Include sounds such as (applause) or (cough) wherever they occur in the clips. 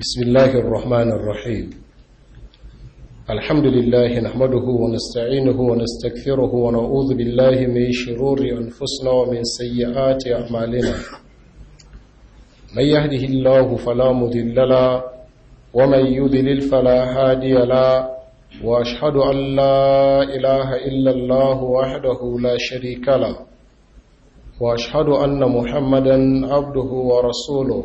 بسم الله الرحمن الرحيم الحمد لله نحمده ونستعينه ونستكثره ونعوذ بالله من شرور أنفسنا ومن سيئات أعمالنا من يهده الله فلا مضل له ومن يضلل فلا هادي له وأشهد أن لا إله إلا الله وحده لا شريك له وأشهد أن محمدا عبده ورسوله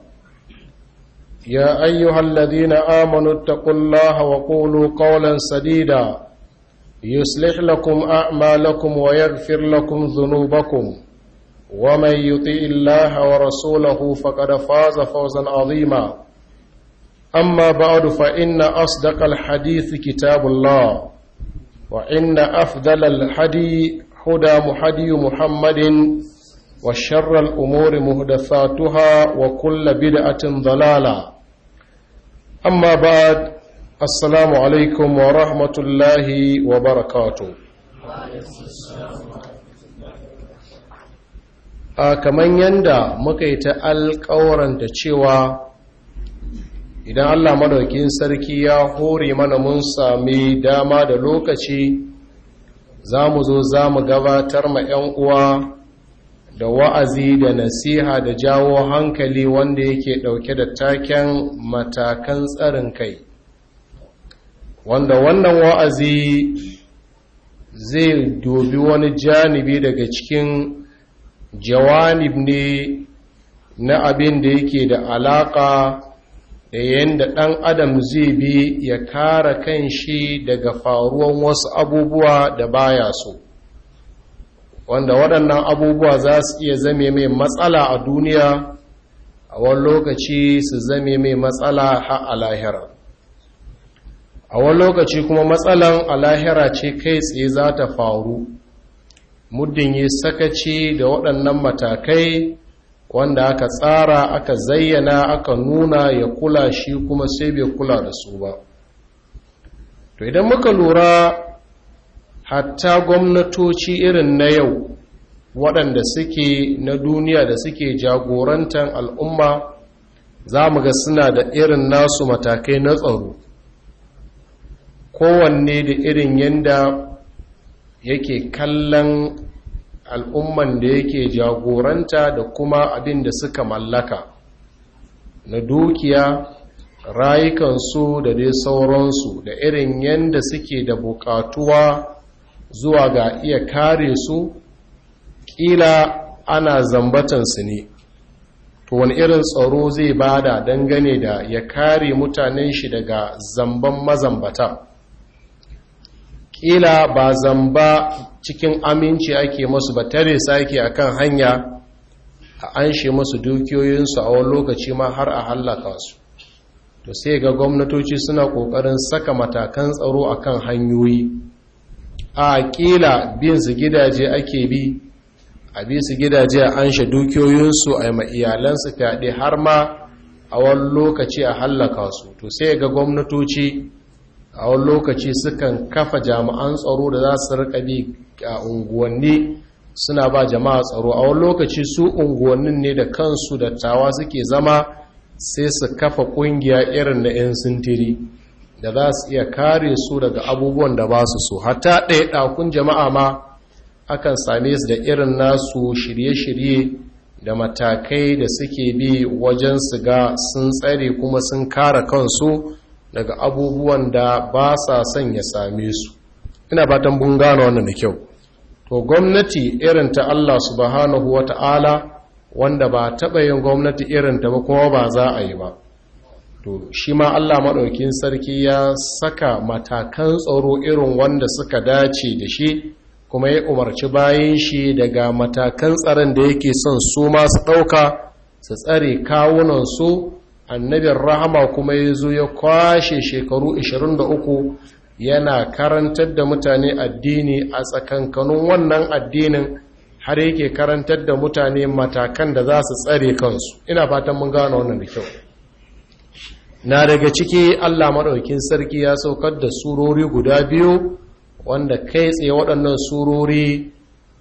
يا أيها الذين آمنوا اتقوا الله وقولوا قولا سديدا يصلح لكم أعمالكم ويغفر لكم ذنوبكم ومن يطيء الله ورسوله فقد فاز فوزا عظيما أما بعد فإن أصدق الحديث كتاب الله وإن أفضل الحدي هدى محدي محمد وشر الأمور مهدثاتها وكل بدعة ضلالة أما بعد السلام عليكم ورحمة الله وبركاته a kaman yanda muka yi ta alƙawaranta cewa idan allah madaukin sarki ya hore mana mun sami dama da lokaci za mu zo za mu gabatar ma 'yan uwa da wa'azi da nasiha da jawo hankali wanda yake ɗauke da taken matakan tsarin kai wanda wannan wa'azi zai dobi wani janibi daga cikin jawanib ne na abin da yake da alaƙa da yadda ɗan adam zai bi ya kara kan shi daga faruwan wasu abubuwa da baya so wanda waɗannan abubuwa za su iya zame mai matsala a duniya a wani lokaci su zame mai matsala a alahira a wani lokaci kuma matsalan alahira ce kai tsaye za ta faru muddin yi sakaci da waɗannan matakai wanda aka tsara aka zayyana aka nuna ya kula shi kuma sai bai kula da su ba to idan muka lura hatta gwamnatoci irin na yau waɗanda suke na duniya da suke jagorantar al'umma za mu ga suna da irin nasu matakai na tsaro kowanne da irin yadda yake kallon al'umman da yake jagoranta da kuma abin da suka mallaka na dukiya rayukansu da dai sauransu da irin yadda suke da bukatuwa zuwa ga iya kare su ƙila ana zambatansu ne to wani irin tsaro zai bada dangane da ya kare mutanen shi daga zamban mazambata ƙila ba zamba cikin aminci ake masu ba tare sake a kan hanya a an shi masu dukiyoyinsu a wani lokaci ma har a hallaka su to sai ga gwamnatoci suna ƙoƙarin saka matakan tsaro a kan hanyoyi a ƙila bin su gidaje ake bi a bi su gidaje a anshe dukiyoyinsu a ma iyalansu fyaɗe har ma a wani lokaci a hallaka su to sai ga gwamnatoci a wani lokaci sukan kafa jami'an tsaro da za su rika bi a unguwanni suna ba jama'a tsaro a wani lokaci su unguwannin ne da kansu da tawa suke zama sai su kafa ƙungiya irin na 'yan sintiri da za su iya kare su daga abubuwan da ba su so hatta ɗaya ɗakun jama'a ma akan same su da irin nasu shirye-shirye da matakai da suke bi wajen su ga sun tsare kuma sun kara kansu daga abubuwan da ba sa son ya same su ina fatan bun gano wannan da kyau to gwamnati irin ta Allah subhanahu wa ta'ala, wanda ba taɓa yin gwamnati irin ta ba kuma ba za a yi ba to shi ma Allah maɗaukin sarki ya saka matakan tsaro irin wanda suka dace da shi kuma ya umarci bayan shi daga matakan tsaron da yake son su masu ɗauka su tsare kawunansu annabin rahama kuma ya zo ya kwashe shekaru 23 yana karantar da mutane addini a tsakankanin wannan addinin har yake karantar da mutane matakan da za su tsare kansu ina fatan mun gano wannan da kyau na daga ciki Allah maɗaukin sarki ya saukar da surori guda biyu wanda kai tsaye waɗannan surori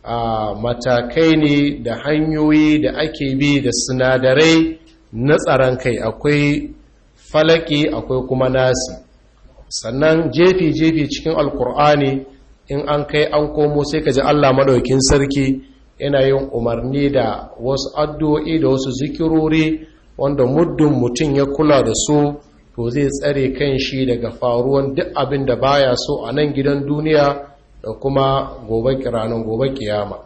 a matakai ne da hanyoyi da ake bi da sinadarai na tsaron kai akwai falaki akwai kuma nasi sannan jefi-jefi cikin alkur'ani in an kai an komo sai ka ji allah maɗaukin sarki yana yin umarni da wasu addu'o'i da wasu zikirori wanda muddin mutum ya kula da su to zai tsare kan shi daga faruwan duk abin da baya so a nan gidan duniya da kuma gobe kiranin gobe kiyama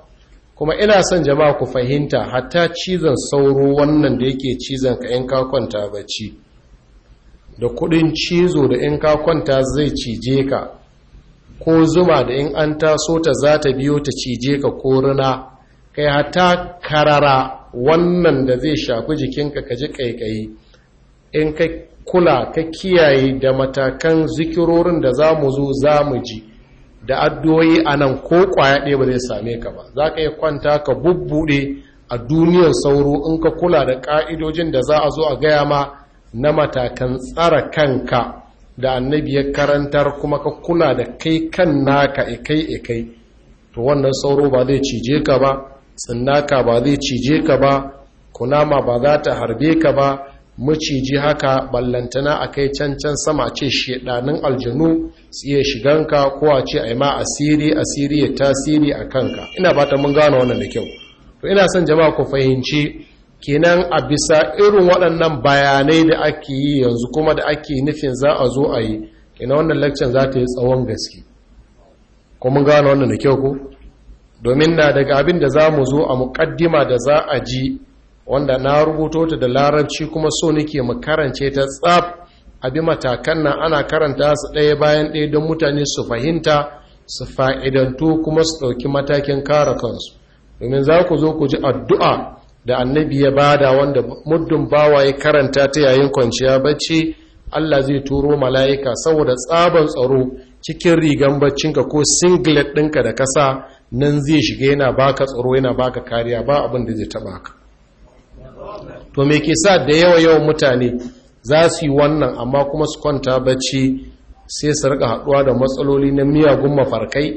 kuma ina son jama'a ku fahimta hatta cizon sauro wannan da yake cizon ka in ka kwanta bacci da kudin cizo da in ka kwanta zai cije ka ko zuma da in an taso ta za ta biyo ta cije ka ko runa kai hatta karara wannan da zai shafi jikinka ka ji ƙaiƙayi in ka kula ka kiyaye da matakan zikirorin da za mu zo za mu ji da addu'o'i a nan ko kwaya ɗaya ba zai same ka ba za ka yi kwanta ka bubbuɗe a duniyar sauro in ka kula da ƙa'idojin da za a zo a gaya ma na matakan tsara kanka da annabi ya karantar kuma ka kula da kai kan naka ikai e ikai e to wannan sauro ba zai cije ka ba tsinnaka ba zai cije ka ba kunama ba za ta harbe ka ba maciji haka ballantana a kai cancan sama ce shedanin aljanu su iya shiganka ko a ce a yi ma asiri asiri ya tasiri a kanka ina ba ta mun gano wannan da kyau to ina son jama'a ku fahimci kenan a bisa irin waɗannan bayanai da ake yi yanzu kuma da ake nufin za a zo a yi kenan wannan lakcin za ta yi tsawon gaske ko mun gano wannan da kyau ko domin na daga abin da za mu zo a muƙaddima da za a ji wanda na rubuto ta da larabci kuma so nake mu karance ta tsaf abi matakan nan ana karanta su ɗaya bayan ɗaya don mutane su fahimta su fa'idantu kuma su ɗauki matakin kare kansu domin za ku zo ku ji addu'a da annabi ya bada wanda muddin bawa ya karanta ta yayin kwanciya bacci Allah zai turo mala'ika saboda tsaban tsaro cikin rigan baccinka ko singlet ɗinka da kasa nan zai shiga yana baka tsaro yana baka kariya ba abin da zai taba ka to me ke sa da yawa yawan mutane za su yi wannan amma kuma su kwanta bacci sai su rika haduwa da matsaloli na miyagun mafarkai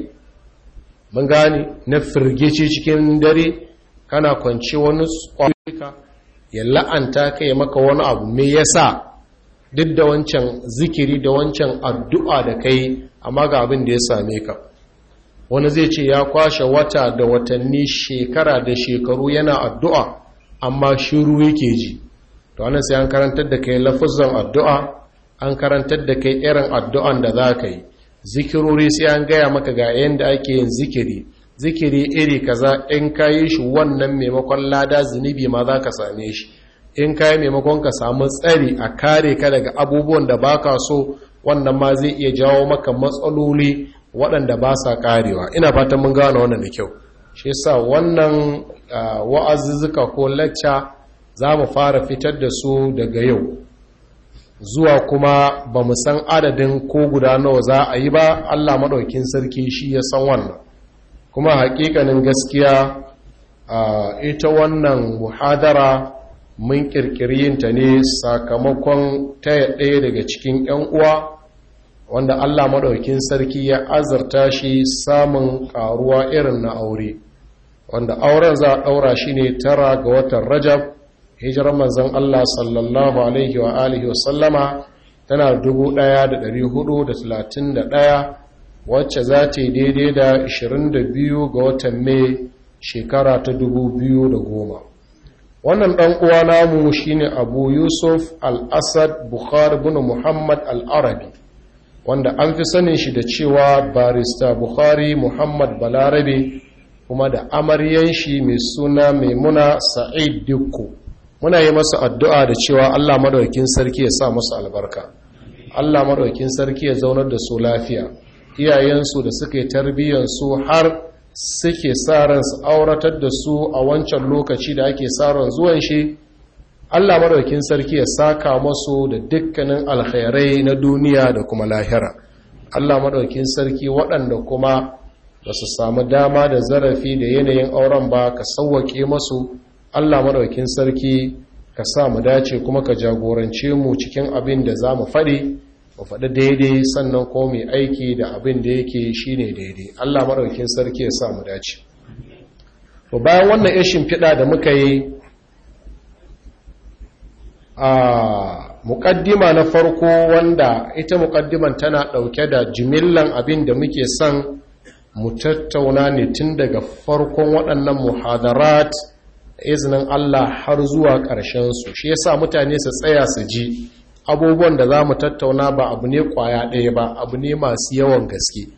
mun gane na firgici cikin dare kana kwanci wani tsawarika ya la'anta ka ya maka wani abu me yasa duk da wancan zikiri da wancan addu'a da kai amma ga abin da ya same ka wani zai ce ya kwashe wata da watanni shekara da shekaru yana addu'a amma shiru yake ji to wani sai an karantar da kai lafuzan addu'a an karantar da kai irin addu'an da za ka yi zikirori sai an gaya maka ga yadda ake yin zikiri zikiri iri kaza in ka yi shi wannan maimakon lada zunubi ma za ka same shi in ka yi maimakon ka samu tsari a kare ka daga abubuwan da baka so wannan ma zai iya jawo maka matsaloli waɗanda ba sa ƙarewa ina fatan mun gano wannan da kyau shi sa wannan wa'azuzzuka ko lacca za mu fara fitar da su daga yau zuwa kuma ba mu san adadin ko guda nawa za a yi ba allah maɗaukin sarki shi ya san wannan kuma haƙiƙanin gaskiya ita wannan muhadara mun ƙirƙiri yinta ne sakamakon taya ɗaya daga cikin 'yan uwa wanda Allah maɗaukin sarki ya azarta shi samun ƙaruwa irin na aure wanda auren za a ɗaura shi ne tara ga watan rajab hijirar manzan Allah sallallahu alaihi wa alihi wa sallama tana 1431 wacce za ta yi daidai da 22 ga watan mai shekara ta da goma. wannan ɗan uwa namu shine abu yusuf al-asad bukhari bin muhammad al-arabi wanda an fi sanin shi da cewa barista bukhari muhammad balarabe kuma da amaryan shi mai suna maimuna sa'id dukku muna yi masa addu'a da cewa allah maɗaukin sarki ya sa masu albarka allah maɗaukin sarki ya zaunar da su lafiya iyayensu da suke tarbiyyansu har suke sa ransu auratar da su a wancan lokaci da ake sa ran zuwan shi Allah maɗaukin sarki ya saka masu da dukkanin alkhairai na duniya da kuma lahira Allah maɗaukin sarki waɗanda kuma ba su samu dama da zarafi da yanayin auren ba ka sauwake masu Allah maɗaukin sarki ka sa mu dace kuma ka jagorance mu cikin abin da za mu faɗi mu faɗi daidai sannan ko mai aiki da abin da yake ne daidai Allah maɗaukin sarki ya sa mu dace bayan wannan ishin fiɗa da muka yi a mukaddima na farko wanda ita mukaddiman tana ɗauke da jimillan abin da muke son mu tattauna ne tun daga farkon waɗannan muhadarat izinin Allah har zuwa ƙarshen su. shi yasa mutane su tsaya su ji abubuwan da za mu tattauna ba abu ne kwaya ɗaya ba abu ne masu yawan gaske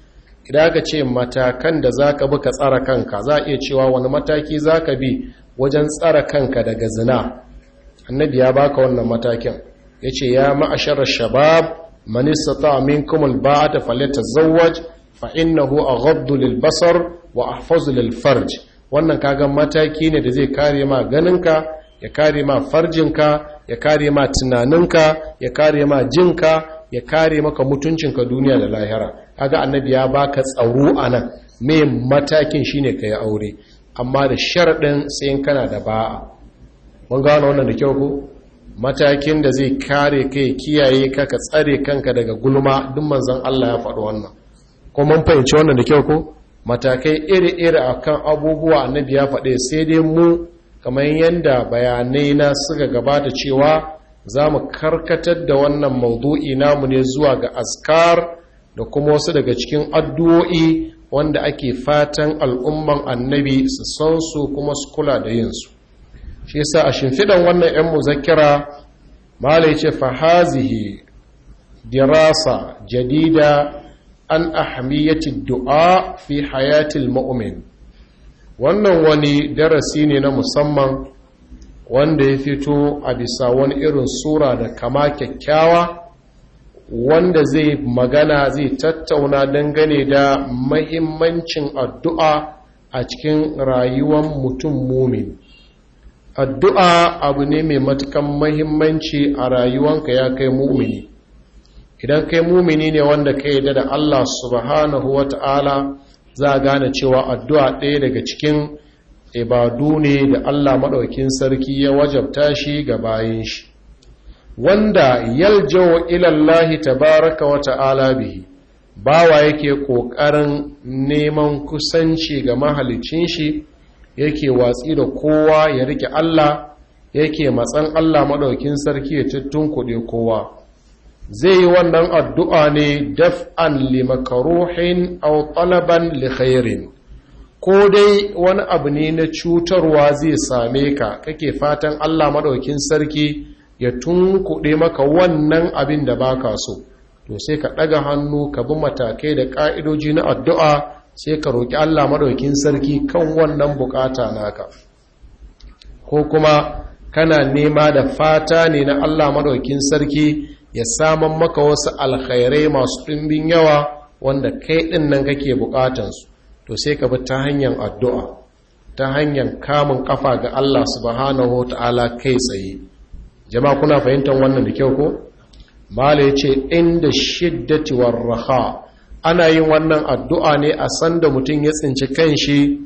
idan aka ce matakan da za ka bi ka tsara kanka za a iya cewa wani mataki za ka bi wajen tsara kanka daga zina annabi ya baka wannan matakin yace ya ma'ashara shabab man istata minkum alba'ata falyatazawwaj fa a aghaddu lilbasar wa ahfazu lilfarj wannan kaga mataki ne da zai kare ma ganinka ya kare ma farjinka ya kare ma tunaninka ya kare ma jinka ya kare maka mutuncinka duniya da lahira kaga annabi ya baka tsaro a nan me matakin shine yi aure amma da sharaɗin sai kana da ba'a mun gano wannan da kyau ko matakin da zai kare kai kiyaye ka ka tsare kanka daga gulma duk manzon Allah ya faɗo wannan ko mun fahimci wannan da kyau ko matakai iri-iri akan abubuwa annabi ya faɗe sai dai mu kamar yadda bayanai na suka gabata cewa za mu karkatar da wannan maudu'i namu ne zuwa ga askar da kuma wasu daga cikin addu'o'i wanda ake fatan al'umman annabi su san su kuma su kula da yinsu shi yasa a shimfidan wannan yan muzakira, malai ce fahazihi dirasa jadida an ahmiyati du'a fi hayatil mu'min wannan wani darasi ne na musamman wanda ya fito a bisa wani irin sura da kama kyakkyawa wanda zai magana zai tattauna dangane da mahimmancin addu'a a cikin rayuwan mutum mumin addu'a abu ne mai matukan mahimmanci a rayuwanka ya kai mumini idan kai mumini ne wanda ka yi da Allah subhanahu wa ta'ala za gane cewa addu'a ɗaya daga cikin ibadu ne da Allah maɗaukin sarki ya wajabta shi ga bayan shi wanda yaljawo ilallahi tabaraka wa ta'ala bihi bawa yake ƙoƙarin neman kusanci ga mahalicin shi yake watsi da kowa ya rike Allah yake matsan Allah maɗaukin sarki ya cittun kuɗe kowa zai yi wannan addu'a ne daf'an li makaruhin au talaban li ko dai wani abu ne na cutarwa zai same ka kake fatan Allah maɗaukin sarki ya tun tunkuɗe maka wannan abin da baka so to sai ka ɗaga hannu ka bi matakai da ƙa'idoji na addu'a sai ka roƙi Allah maɗaukin sarki kan wannan bukata naka ko kuma kana nema da fata ne na Allah maɗaukin sarki ya saman maka wasu alkhairai masu ɗimbin yawa wanda kai ɗin nan kake buƙatansu, to sai ka bi ta hanyar addu'a ta hanyar kamun ƙafa ga Allah subhanahu wa ta'ala kai tsaye jama'a kuna fahimtar wannan da kyau ko? mala ya ce inda shiddati warraha ana yin wannan addu'a ne a sanda mutum ya tsinci kanshi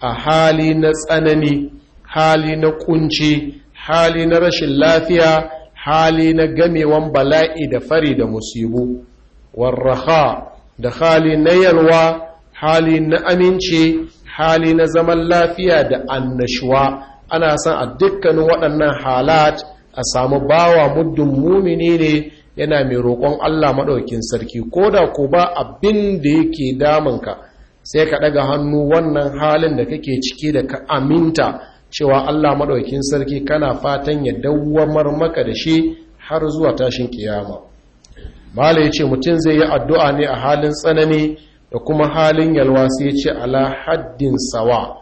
a hali na tsanani hali na kunci hali na rashin lafiya hali na gamewan bala'i da fari da musibu warraha da hali na yalwa hali na aminci hali na zaman lafiya da annashuwa ana san a dukkanin waɗannan halat a samu bawa muddin mumini ne yana mai roƙon Allah maɗaukin sarki ko da ko ba abin da yake ka, sai ka ɗaga hannu wannan halin da kake ciki da ka aminta cewa Allah maɗaukin sarki kana fatan ya dawwamar maka da shi har zuwa tashin kiyama mala ya ce mutum zai yi addu'a ne a halin tsanani da kuma halin yalwa sai ce ala haddin sawa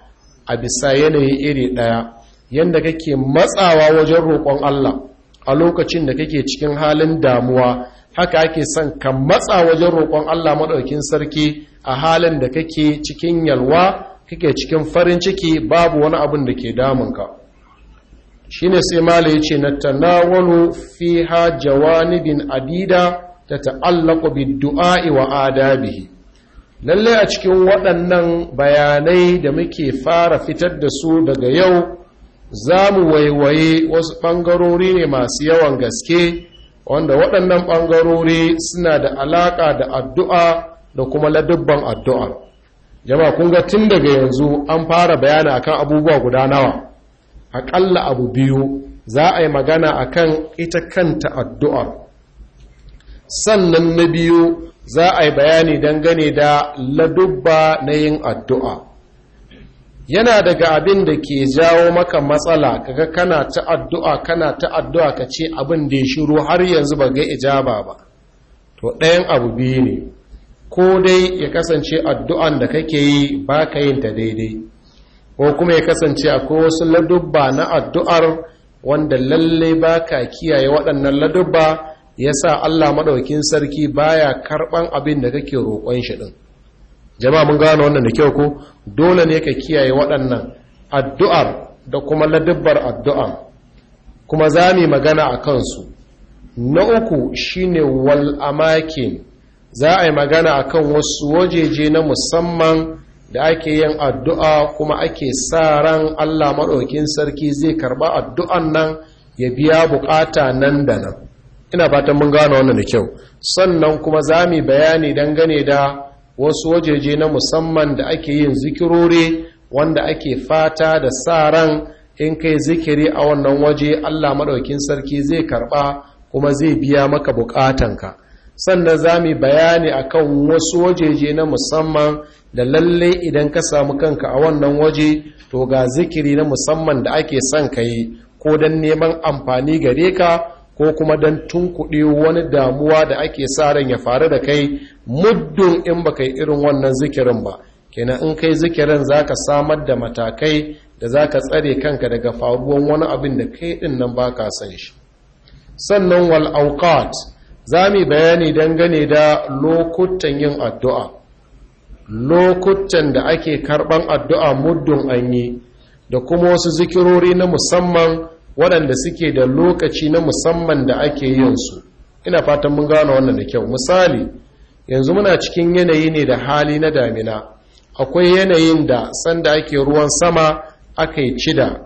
a bisa yanayi iri ɗaya yadda kake matsawa wajen roƙon Allah a lokacin da kake cikin halin damuwa haka ake son ka matsa wajen roƙon Allah maɗaukin sarki a halin da kake cikin yalwa kake cikin farin ciki babu wani abin da ke damunka shi ne sai mala ya ce na tanawalu fi ha jawanibin adida ta ta'allaka bi du'a'i wa adabihi Lallai a cikin waɗannan bayanai da muke fara fitar da su daga yau za mu waiwaye wasu ɓangarori ne masu yawan gaske wanda waɗannan ɓangarori suna da alaƙa da addu'a da kuma ladubban addu'a jama kunga tun daga yanzu an fara bayani akan abubuwa guda nawa aƙalla abu biyu za a yi magana akan ita kanta addu'a sannan na biyu za a yi bayani dangane da ladubba na yin addu'a yana daga abin da ke jawo maka matsala kaga kana ta addu'a kana ta addu'a ka ce abin da ya shiru har yanzu ba ga ijaba ba to ɗayan abu biyu ne ko dai ya kasance addu'an da kake yi ba ka yin ta daidai ko kuma ya kasance akwai wasu ladubba na addu'ar wanda lalle ba ka kiyaye waɗannan ladubba ya sa Allah maɗaukin sarki baya karɓan abin da kake roƙon shi ɗin jama'a mun gano wannan da kyau ko dole ne ka kiyaye waɗannan addu'ar da kuma ladabbar addu'a kuma za mu magana a kansu na uku shine wal amakin za a yi magana a kan wasu wajeje na musamman da ake yin addu'a kuma ake sa ran Allah maɗaukin sarki zai karɓa addu'an nan ya biya bukata nan da nan ina fatan mun gano wannan da kyau sannan kuma za mu bayani dangane da wasu wajeje na musamman da ake yin zikirori wanda ake fata da sa ran in kai zikiri a wannan waje Allah maɗaukin sarki zai karɓa kuma zai biya maka buƙatanka sannan za mu bayani akan wasu wajeje na musamman da lalle idan ka samu kanka a wannan waje to ga zikiri na musamman da ake son ka yi ko don neman amfani gare ka ko kuma don tunkuɗe wani damuwa da ake sa ran ya faru da kai muddin in ba kai irin wannan zikirin ba kenan in kai zikirin za ka samar da matakai da za ka tsare kanka daga faruwan wani abin da kai ɗin nan ba ka san shi sannan wal'aukat za mu bayani dangane da lokutan yin addu'a lokutan da ake karɓan addu'a muddin an yi da kuma wasu zikirori na musamman waɗanda suke da lokaci na musamman da ake yinsu ina fatan mun gano wannan da kyau misali yanzu muna cikin yanayi ne da hali na damina akwai yanayin da sanda ake ruwan sama aka yi cida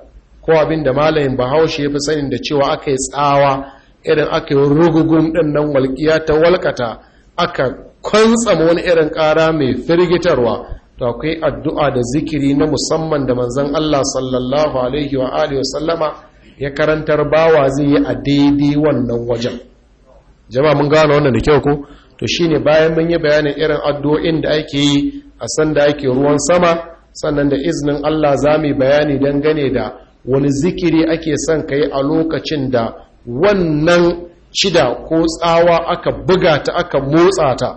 ko abin da malayin bahaushe ya fi sanin da cewa aka yi tsawa irin aka yi rugugun ɗin nan walƙiya ta walƙata aka kwantsama wani irin ƙara mai firgitarwa to akwai addu'a da zikiri na musamman da manzan Allah sallallahu alaihi wa alihi sallama ya karantar bawa zai yi a daidai wannan wajen jama'a mun gano wannan da kyau ko to shine bayan mun yi bayanin irin addu'o'in da ake yi a san da ake ruwan sama sannan da iznin Allah za mu bayani dangane da wani zikiri ake son ka a lokacin da wannan shida ko tsawa aka buga ta aka motsa ta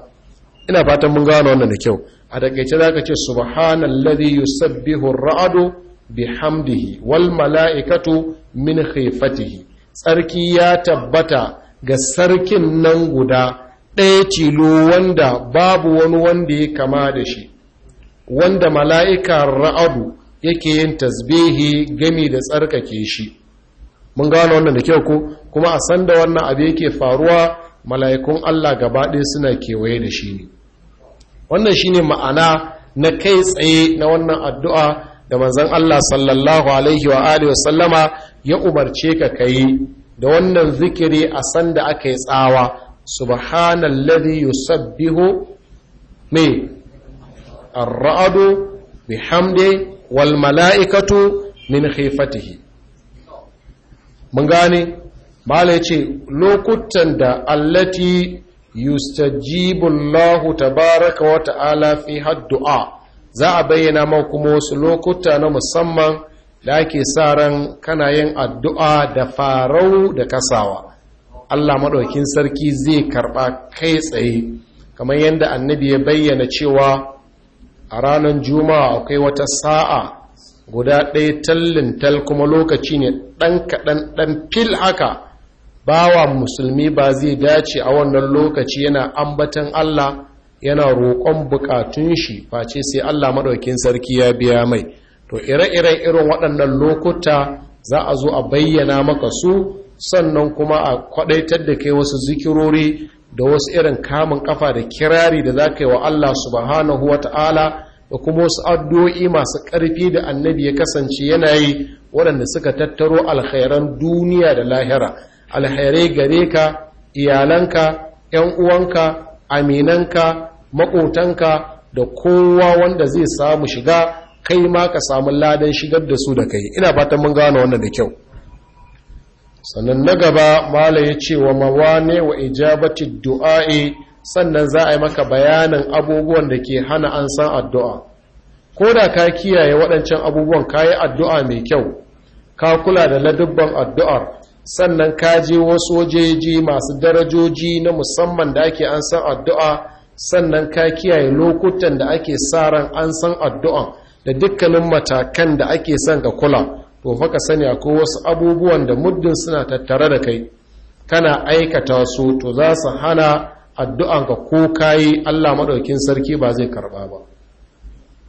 ina fatan mun gano wannan da kyau a takaice za ka ce subhanallazi yusabbihu ar-ra'du bihamdihi wal mala'ikatu min haifatihi tsarki ya tabbata ga sarkin nan guda ɗaya tilo wanda babu wani wanda ya kama da shi wanda mala'ika ra'adu yake yin tasbihi gami da tsarkake shi mun gano wannan da kyau ko kuma a sanda wannan abu yake faruwa mala'ikun Allah gaba ɗaya suna kewaye da shi ne wannan shi ne ma'ana na kai tsaye na wannan addu'a da manzon Allah sallallahu alaihi wa wa ya umarce ka kayi da wannan zikiri a sanda aka yi tsawa subhana yusabbihu me ar-ra'du bihamdi wal mala'ikatu min khifatihi mun gane bala yace lokutan da allati yustajibu Allahu tabaaraka wa ta'ala fi haddu'a za a bayyana man kuma wasu lokuta na musamman da ake sa ran kana yin addu'a da farau da kasawa Allah maɗaukin sarki zai karɓa kai tsaye kamar yadda annabi ya bayyana cewa a ranar juma'a akwai wata sa'a guda ɗaya tallin tal kuma lokaci ne ɗan kaɗan ɗan fil haka bawa musulmi ba zai dace a wannan lokaci yana ambatan Allah yana roƙon buƙatun shi face sai Allah maɗaukin sarki ya biya mai to ire-iren irin waɗannan lokuta za a zo a bayyana maka su sannan kuma a kwaɗaitar da kai wasu zikirori da wasu irin kamun ƙafa da kirari da za ka yi wa Allah subhanahu wa ta'ala da kuma wasu addu'o'i masu ƙarfi da annabi ya kasance yana yi waɗanda suka tattaro alkhairan duniya da lahira alkhairai gare ka iyalanka ‘yan uwanka aminanka makotanka da kowa wanda zai samu shiga kai ma ka samu ladan shigar da su da kai ina fatan mun gano wannan da kyau sannan na gaba mala ya ce wa mawane wa ijabati du'a'i sannan za a yi maka bayanin abubuwan da ke hana an san addu'a ko da ka kiyaye waɗancan abubuwan ka yi addu'a mai kyau ka kula da ladubban addu'ar sannan ka je wasu wajeji masu darajoji na musamman da ake an san addu'a sannan ka kiyaye lokutan da ake sa ran an san addu'an da dukkanin matakan da ake san ka kula to faka ka sani akwai wasu abubuwan da muddin suna tattare da kai kana aikata su to za su hana addu'an ka ko kayi Allah maɗaukin sarki ba zai karba ba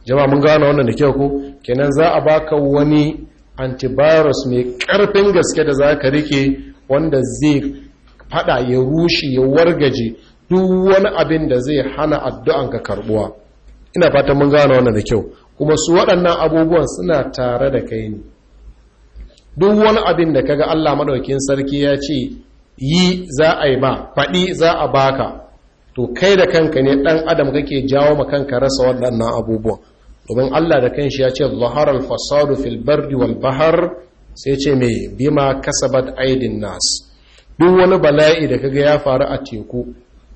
jama'a mun gano wannan da kyau ko kenan za a baka wani antivirus mai karfin gaske da za ka rike wanda zai fada ya rushe ya wargaje duk wani abin da zai hana addu'an ka karbuwa ina fatan mun gane wannan da kyau kuma su waɗannan abubuwan suna tare da kai ne duk wani abin da kaga Allah maɗaukin sarki ya ce yi za a yi ba faɗi za a baka to kai da kanka ne ɗan adam kake jawo ma kanka rasa waɗannan abubuwan domin Allah da kanshi ya ce zaharar fasadu fil bardi wal bahar sai ce mai bima kasabat aidin nas duk wani bala'i da kaga ya faru a teku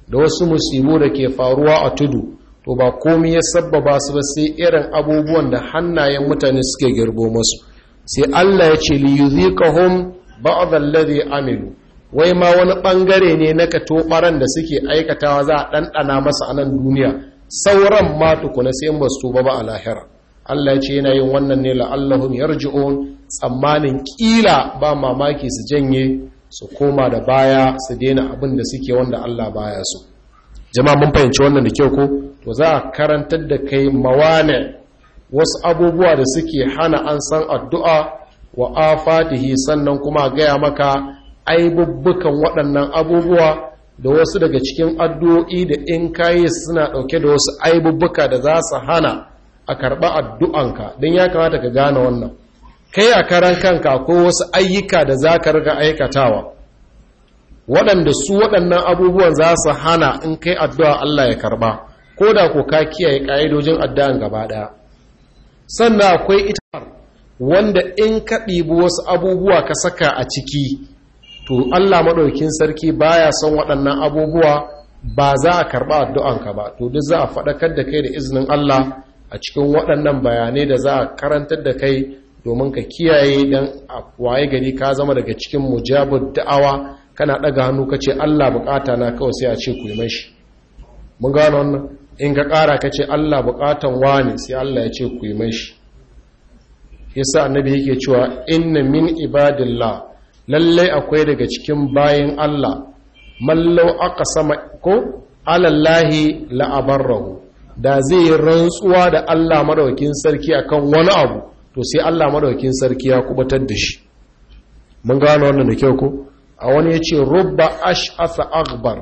da wasu musibu da ke faruwa a tudu to ba komi ya sabbaba su ba sai irin abubuwan da hannayen mutane suke girbo masu sai Allah ya ce li yuziqahum ba'd alladhi amilu wai ma wani bangare ne na katobaran da suke aikatawa za a dandana masa a nan duniya sauran ma tukuna sai ba su tuba ba a lahira Allah ya ce yana yin wannan ne la'allahum yarji'un tsammanin kila ba mamaki su janye su koma da baya su daina abin da suke wanda Allah baya su jama'a mun fahimci wannan da kyau ko to za a karantar da kai mawane wasu abubuwa da suke hana an san addu'a wa afatihi sannan kuma gaya maka aibubbukan waɗannan abubuwa da wasu daga cikin addu'o'i da in kayi suna ɗauke da wasu aibubbuka da za su hana a karɓa addu'anka don ya kamata ka gane wannan kai a karan kanka ko wasu ayyuka da za ka riga aikatawa waɗanda su waɗannan abubuwan za su hana in kai addu'a Allah ya karba, ko da ko ka kiyaye ƙa'idojin addu'an gaba ɗaya sannan akwai itar wanda in ka ɗibi wasu abubuwa ka saka a ciki to Allah maɗaukin sarki baya son waɗannan abubuwa ba za a karɓa ka ba to duk za a faɗakar da kai da izinin Allah a cikin waɗannan bayanai da za a karantar da kai domin ka kiyaye dan waye gari ka zama daga cikin mujabud da'awa kana ɗaga hannu kace Allah bukata na kawai sai a ce ku yi mashi mun gano wannan in ka kara kace Allah bukatan wani sai Allah ya ce ku yi mashi yasa annabi yake cewa inna min ibadillah lalle akwai daga cikin bayan Allah mallau aka sama ko alallahi la'abarrahu da zai yi rantsuwa da Allah madaukin sarki akan wani abu to sai Allah madaukakin sarki ya kubatar da shi mun gano wannan da kyau ko a wani yace rubba ash'asa aghbar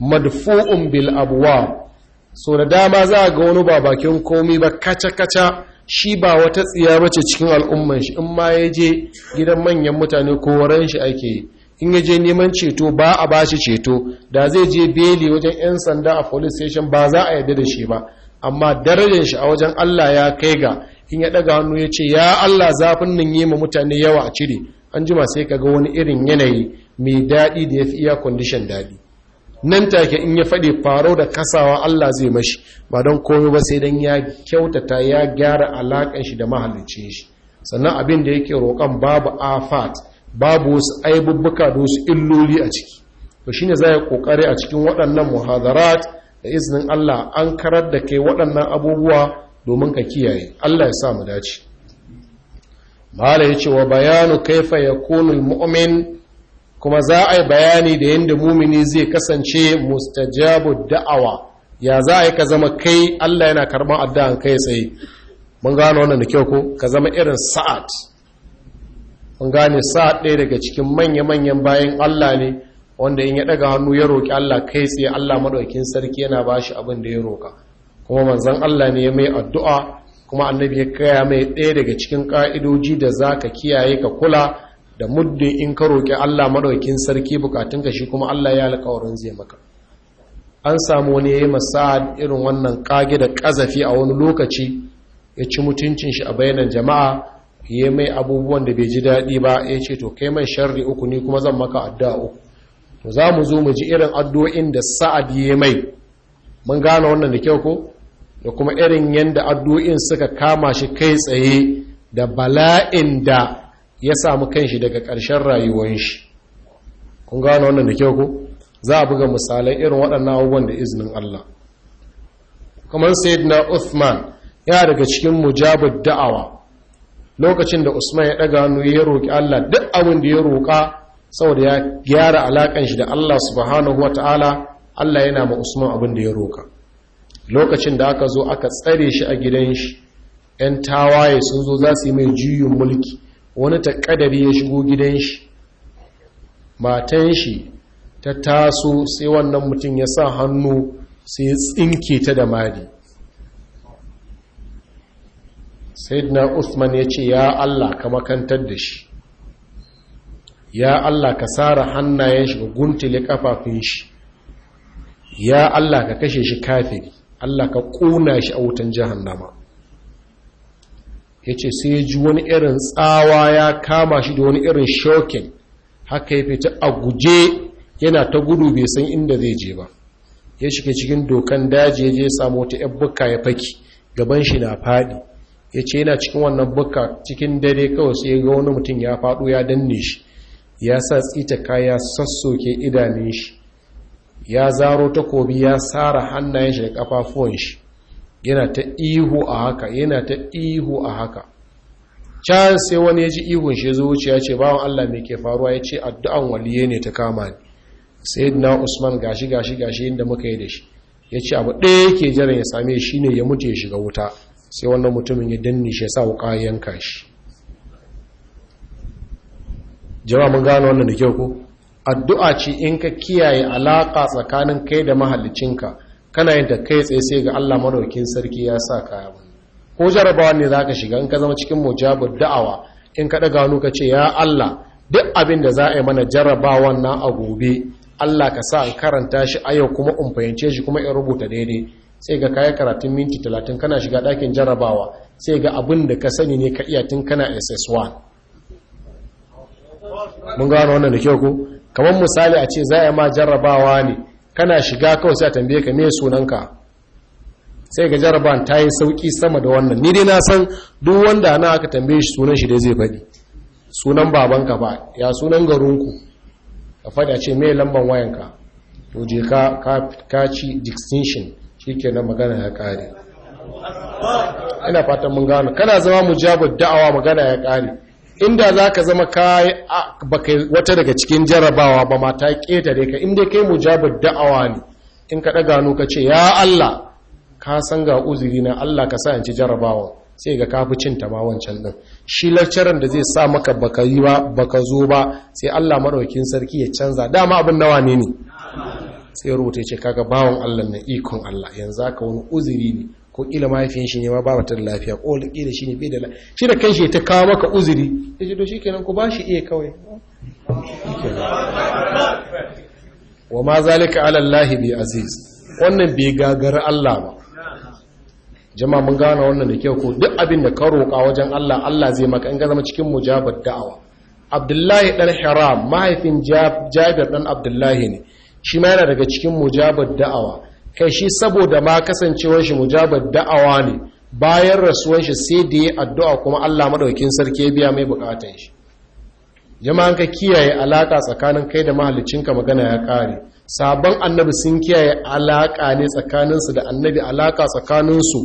madfu'un bil abwa so da dama za ga wani ba bakin komai ba kaca kaca shi ba wata tsiya bace cikin al'umman shi in ma yaje gidan manyan mutane ko waran shi ake in ya je neman ceto ba a ba shi ceto da zai je beli wajen 'yan sanda a police station ba za a yadda da shi ba amma darajar shi a wajen Allah ya kai ga in ya daga hannu ya ce ya Allah zafin nan yi ma mutane yawa a cire an jima sai kaga wani irin yanayi mai daɗi da ya fi iya kwandishan daɗi nan take in ya faɗi faro da kasawa Allah zai mashi ba don komai ba sai don ya kyautata ya gyara alaƙan shi da mahallicin shi sannan abin da yake roƙon babu afat babu wasu aibubbuka da wasu illoli a ciki to shine za a ƙoƙari a cikin waɗannan muhadarat da iznin Allah an karar da kai waɗannan abubuwa domin ka kiyaye Allah ya sa mu dace mala ce wa bayanu kaifa yakunu mu'min kuma za a yi bayani da yanda mumini zai kasance mustajabu da'awa ya za a ka zama kai Allah yana karban addu'an kai sai mun gano wannan da kyau ko ka zama irin sa'ad mun gane sa'ad ɗaya daga cikin manya-manyan bayan Allah ne wanda in ya daga hannu ya roki Allah kai tsaye Allah madaukakin sarki yana bashi abin da ya roka kuma manzan Allah ne ya mai addu'a kuma annabi ya kaya mai ɗaya daga cikin ƙa'idoji da za ka kiyaye ka kula da muddin in ka roƙi Allah maɗaukin sarki ka shi kuma Allah ya alƙawarin zai maka an samu wani ya yi masa'ad irin wannan ƙage da ƙazafi a wani lokaci ya ci mutuncin shi a bayanan jama'a ya mai abubuwan da bai ji daɗi ba ya ce to kai mai sharri uku ni kuma zan maka addu'a uku to za mu zo mu ji irin addu'o'in da sa'ad ya mai mun gane wannan da kyau ko da kuma irin yadda addu'in suka kama shi kai tsaye da bala'in da ya samu kanshi daga ƙarshen rayuwan shi kun gano wannan da kyau ku za a buga misalai irin waɗannan abubuwan da izinin Allah kamar na Uthman yana daga cikin mujabar da'awa lokacin da Usman ya ɗaga hannu ya roƙi Allah duk abin da ya roƙa saboda ya gyara alaƙan shi da Allah subhanahu wa ta'ala Allah yana ma Usman abin da ya roƙa lokacin da aka zo aka tsare shi a gidan shi 'yan tawaye sun zo za su yi mai juyin mulki wani taƙadari ya shigo gidan shi matan shi ta taso sai wannan mutum ya sa hannu sai ya tsinke ta da mari Saidna usman ya ce ya allah ka makantar da shi ya allah ka sara hannayen shi ga guntule kafafin shi ya allah ka kashe shi kafiri Allah ka ƙuna shi a wutan nama. ya ce sai ya ji wani irin tsawa ya kama shi da wani irin shokin haka ya fita a guje yana ta gudu bai san inda zai je ba ya shiga cikin dokan daji ya je samu wata ‘yan buka ya faki gaban shi na faɗi ya ce yana cikin wannan buka cikin dare kawai sai ga wani mutum ya faɗo ya danne shi ya sa tsita kaya sassoke idanun shi ya zaro takobi ya sara hannayen shi da kafafuwan shi yana ta ihu a haka yana ta ihu a haka can sai wani ya ji ihun shi zo wuce ya ce bawan Allah mai ke faruwa ya ce addu'an waliye ne ta kama ni sai na usman gashi gashi gashi inda muka yi da shi ya ce abu ɗaya yake jiran ya same shi ne ya mutu ya shiga wuta sai wannan mutumin ya danne shi ya sa wuka yanka shi jama'a mun gano wannan da kyau ko addu'a ce in ka kiyaye alaƙa tsakanin kai da mahalicinka kana yin da kai tsaye sai ga Allah madaukin sarki ya sa kaya wani ko jarabawa ne za ka shiga in ka zama cikin mujabar da'awa in ka ɗaga hannu ka ce ya Allah duk abin da za a yi mana jarabawa na a gobe Allah ka sa an karanta shi a yau kuma in fahimce shi kuma in rubuta daidai sai ga kayan karatun minti talatin kana shiga ɗakin jarabawa sai ga abin da ka sani ne ka iya tun kana ss1 mun gano wannan da kyau ko kamar misali a ce za a ma jarrabawa ne kana shiga kawai sai a tambaye ka me sunanka sai ga jarraban ta yi sauki sama da wannan ni dai na san duk wanda na aka tambaye shi sunan shi dai zai faɗi sunan babanka ba ya sunan garinku ka faɗi a ce me lamban wayanka to je ka ka ci distinction shikenan magana ya kare ina fatan mun gano kana zama mujabar da'awa magana ya kare inda za ka zama kayi wata daga cikin jarabawa ba mata ƙetare ka inda kai mujabar da'awa ne in ka ɗaga nu ka ce ya Allah ka san ga uzuri na Allah ka sa in jarabawa sai ga kafi cin ta ma wancan din shi lakcaran da zai sa maka baka yi ba baka zo ba sai Allah madaukakin sarki ya canza dama abin nawa ne ne sai rubuta ce kaga bawan Allah na ikon Allah yanzu ka wani uziri ne ko kila mahaifiyan shi ne ma ba ta da lafiya ko kila shi ne bai da lafiya shi da kanshi ta kawo maka uzuri ya ce to shi kenan ku ba shi iya kawai wa ma zalika ala bi aziz wannan bai gagara Allah ba Jama mun gane wannan da kyau ko duk abin da ka roƙa wajen Allah Allah zai maka in ga zama cikin mujabar da'awa Abdullahi dan Haram mahaifin Jabir dan Abdullahi ne shi ma yana daga cikin mujabar da'awa kai shi saboda ma kasancewar shi mujabar da'awa ne bayan rasuwar shi sai da ya addu'a kuma Allah madaukin sarki ya biya mai bukatun shi jama'a ka kiyaye alaka tsakanin kai da mahallicinka magana ya kare sabon annabi sun kiyaye alaka ne tsakaninsu da annabi alaka tsakaninsu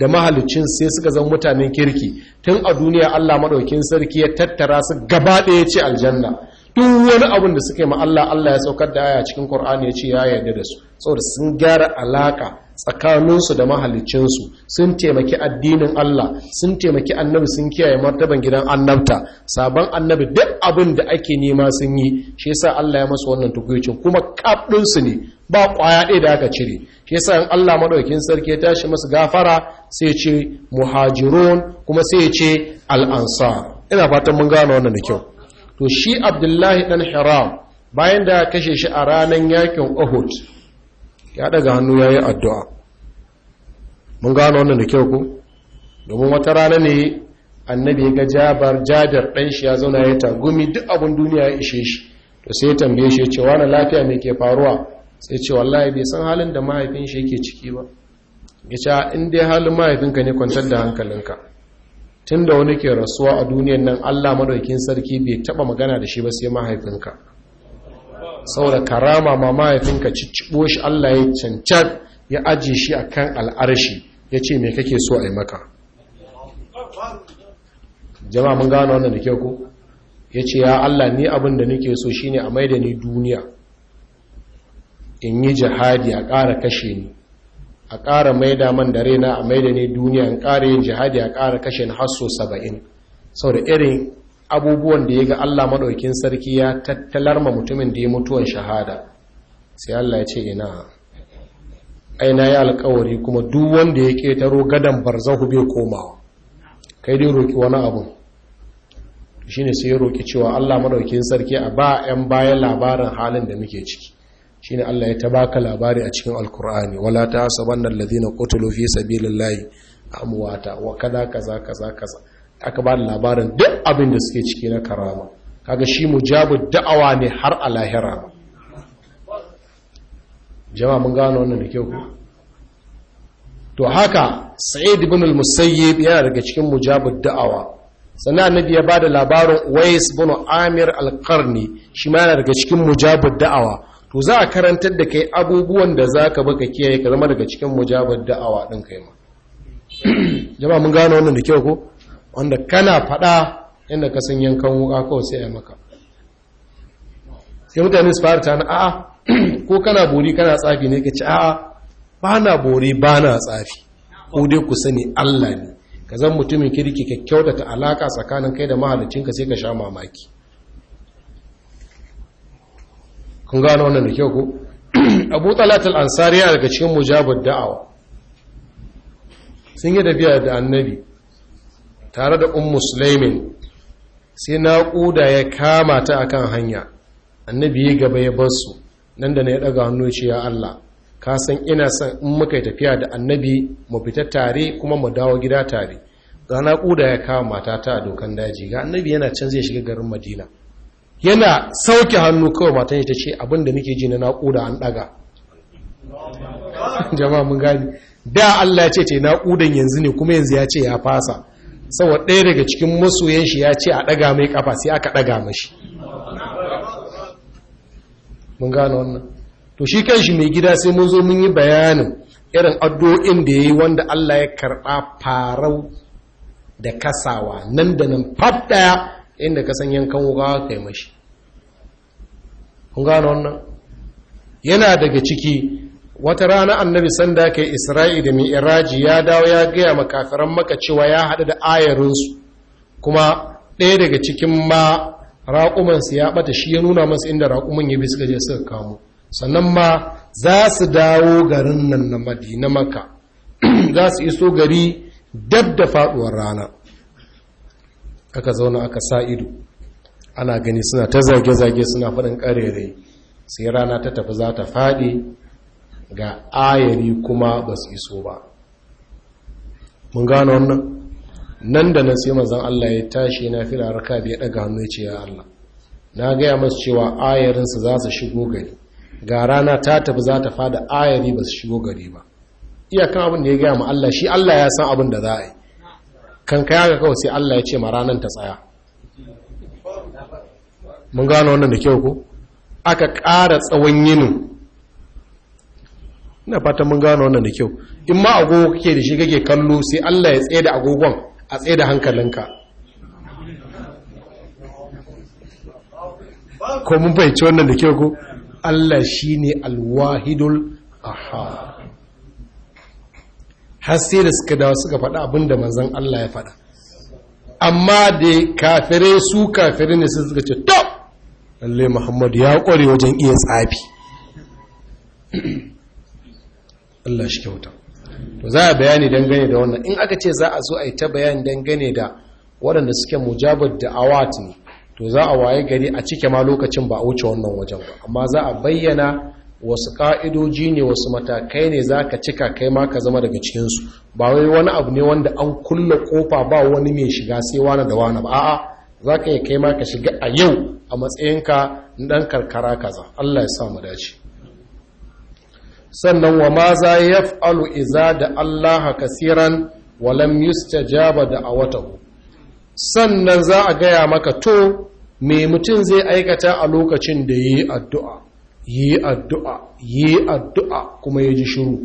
da mahallicin sai suka zama mutanen kirki tun a duniya Allah madaukin sarki ya tattara su gaba ɗaya ce aljanna duk wani abin da suka yi ma Allah Allah ya saukar da aya cikin Qur'ani ya ce ya yarda da su saboda sun gyara alaka tsakaninsu da mahaliccinsu sun taimaki addinin Allah sun taimaki annabi sun kiyaye martaban gidan annabta sabon annabi duk abin da ake nema sun yi shi yasa Allah ya masu wannan tukuicin kuma kaɗinsu ne ba ƙwaya ɗaya da aka cire shi yasa in Allah madaukakin sarki ya tashi masu gafara sai ce muhajirun kuma sai ce al ina fatan mun gane wannan da kyau to shi abdullahi ɗan haram bayan da ya kashe shi a ranar yakin ohud ya daga hannu ya yi addu'a mun gano wannan da kyau ku domin wata rana ne annabi ga jabar jadar ɗan shi ya zauna ya tagumi duk abin duniya ya ishe shi to sai ya tambaye shi cewa na lafiya mai ke faruwa sai ce wallahi bai san halin da mahaifin shi yake ciki ba ya ce in dai halin mahaifinka ne kwantar da hankalinka tun da wani ke rasuwa a duniyan nan allah madaukin sarki bai taba magana da shi ba sai mahaifinka saboda karama ma mahaifinka cicciɓo shi allah ya cancan ya ajiye shi a kan al'arshi ya ce mai kake so a yi maka jama'a mun gano wannan da ke ku. ya ce ya allah ni abin da nake so shine a maida ni duniya in yi jihadi a ƙara kashe ni a ƙara maida man da rena a maida ne duniya in ƙara yin jihadi a ƙara kashe na hasso saba'in sau da irin abubuwan da ya ga Allah maɗaukin sarki ya tattalar ma mutumin da ya mutuwan shahada sai Allah ya ce ina aina ya alkawari kuma duk wanda ya ƙetaro gadon barzahu bai komawa kai dai roƙi wani abu shine sai ya roƙi cewa Allah maɗaukin sarki a ba 'yan bayan labarin halin da muke ciki shine Allah ya tabaka labari a cikin alkur'ani wala ta saban alladhina qutilu fi sabilillahi amwata wa kaza kaza kaza kaza aka ba labarin duk abin da suke ciki na karama kaga shi mujabu da'awa ne har a lahira jama'a mun gano wannan da kyau ku to haka sa'id ibn al-musayyib yana daga cikin mujabu da'awa sannan annabi ya bada labarin wais ibn amir al-qarni shi ma yana daga cikin mujabu da'awa to za a karantar da kai abubuwan da za ka baka kiyaye ka zama daga cikin mujabar da'awa ɗin kai ma (clears throat) jama mun gano wannan da kyau ko wanda kana faɗa inda ka san yankan wuka kawai sai a maka sai mutane su fara tana a'a (clears throat) ko kana bori kana tsafi ne ka ci a'a ba na bori ba na tsafi ko dai ku sani allah ne ka zan mutumin kirki ka kyautata alaka tsakanin kai da mahalicinka sai ka sha mamaki kun gano wannan da kyau ko (clears throat) abu tsalatul ansari a daga cikin mujabar da'awa sun yi tafiya da annabi tare da un musulmin sai naƙuda ya kama ta kan hanya annabi ya gaba ya bar su nan da na ya ɗaga hannu ce ya Allah ka san ina san in muka yi tafiya da annabi mu fita tare kuma mu dawo gida tare ga naƙuda ya kama mata ta a dokan daji ga annabi yana can zai shiga garin madina yana sauke hannu kawai matan ta ce abinda nake ji na nakuda an ɗaga (laughs) jama'a mun gani da Allah ya ce ce yanzu ne kuma yanzu ya ce ya fasa saboda ɗaya daga cikin masoyan shi ya ce a ɗaga mai ƙafa sai aka ɗaga mashi mun gano wannan to shi kanshi mai gida sai mun zo mun yi bayanin irin addu'o'in da ya yi wanda Allah ya karɓa farau da kasawa nan da nan fab ɗaya inda ka san yankan wuka kai mashi kun gano wannan yana daga ciki wata rana annabi sanda kai isra'i da mi'iraji ya dawo ya gaya makafiran maka cewa ya haɗu da ayarinsu kuma ɗaya daga cikin ma raƙumansu ya ɓata shi ya nuna masu inda raƙuman ya bi suka je suka kamo sannan ma za su dawo garin nan na madina maka (clears throat) za su iso gari dab da faɗuwar rana aka zauna aka sa ido ana gani suna ta zage-zage suna faɗin ƙarere sai rana ta tafi za ta faɗi ga ayari kuma ba su iso ba mun gano wannan nan da nan sai mazan Allah ya tashi na fi raka da ya ɗaga hannu ce ya Allah na gaya masu cewa ayarinsu za su shigo gari ga rana ta tafi za ta faɗi ayari ba su shigo gari ba iyakan abin da ya gaya ma Allah shi Allah ya san abin da za a yi kan kaya ga kawai sai Allah ya ce ma ranar ta tsaya mun gano wannan da kyau ku? aka ƙara tsawon yinin ina fata mun gano wannan da kyau in ma agogo kake da shi kake kallo sai Allah ya tsaye da agogon a tsaye da hankalinka ko mun fahimci wannan da kyau ku? Allah shi shine alwahidul ahad har sai da suka dawo suka faɗa abin da manzan Allah ya faɗa amma da kafirai su kafirai ne sun suka ce to lalle muhammadu ya kware wajen iya tsafi (clears throat) Allah shi kyauta to za a bayani dangane da wannan in aka ce za a zo a yi ta bayani dangane da waɗanda suke mujabar da awat ne to za a waye gari a cike ma lokacin ba a wuce wannan wajen ba amma za a bayyana wasu ka'idoji ne wasu matakai ne za ka cika kai ma ka zama daga cikinsu ba wai wani abu ne wanda an kulle kofa ba wani mai shiga sai wani da wani ba a'a za ka iya kai ma ka shiga a yau a matsayinka ɗan karkara kaza Allah ya samu dace sannan wa ma za ya fa'alu iza da Allah kasiran walam Jaba da a watahu sannan za a gaya maka to me mutum zai aikata a lokacin da ya yi addu'a yi addu'a yi addu'a kuma ya ji shiru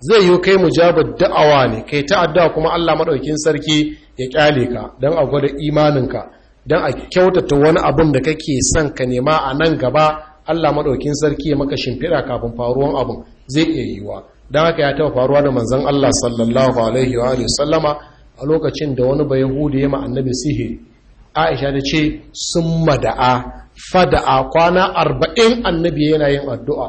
zai yi kai mujabar da'awa ne kai ta addu'a kuma Allah maɗaukin sarki ya ƙyale ka don a gwada imaninka don a kyautata wani abin da kake son ka nema a nan gaba Allah maɗaukin sarki ya maka shimfiɗa kafin faruwan abin zai iya yiwa don haka ya taɓa faruwa da manzan Allah sallallahu alaihi wa sallama a lokacin da wani bayan hudu ya ma annabi sihiri aisha da ce sun mada'a fada'a kwana arba'in annabi yana yin addu'a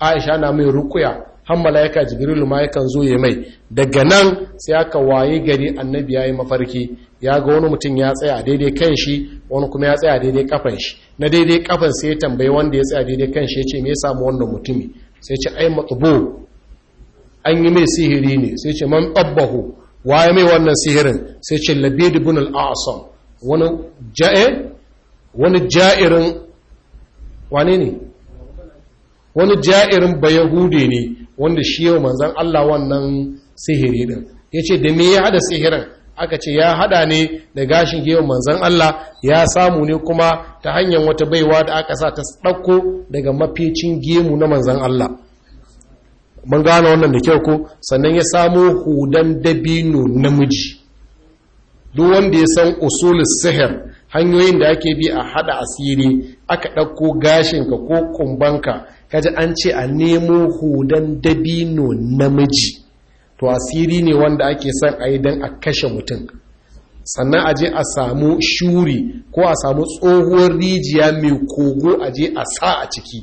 aisha na mai rukuya har mala'ika jibrilu ma yakan zo ya mai daga nan sai aka waye gari annabi ya yi mafarki ya ga wani mutum ya tsaya a daidai kan shi wani kuma ya tsaya a daidai kafan shi na daidai kafan sai ya tambayi wanda ya tsaya daidai kan shi ya ce me ya samu wannan mutumi sai ce ai matsubo an yi mai sihiri ne sai ce man ɓabbahu waye mai wannan sihirin sai ce labid ibn al-asam wani ja'irin wane ne wani bayahude ne wanda shi yau manzan Allah wannan sihiri din ce da me ya hada sihirin aka ce ya hada ne da gashin yau manzan Allah ya samu ne kuma ta hanyar wata baiwa da aka sa ta ɗauko daga maficin gemu na manzan Allah mun gane wannan da kyau ko sannan ya samu hudan dabino namiji duk wanda ya san usulus sihir hanyoyin da ake bi a hada asiri aka ɗauko gashinka ko kumbanka kaji an ce a nemo hudan dabino namiji to asiri ne wanda ake son a yi don a kashe mutum sannan aje a samu shuri ko a samu tsohuwar rijiya mai kogo aje a sa a ciki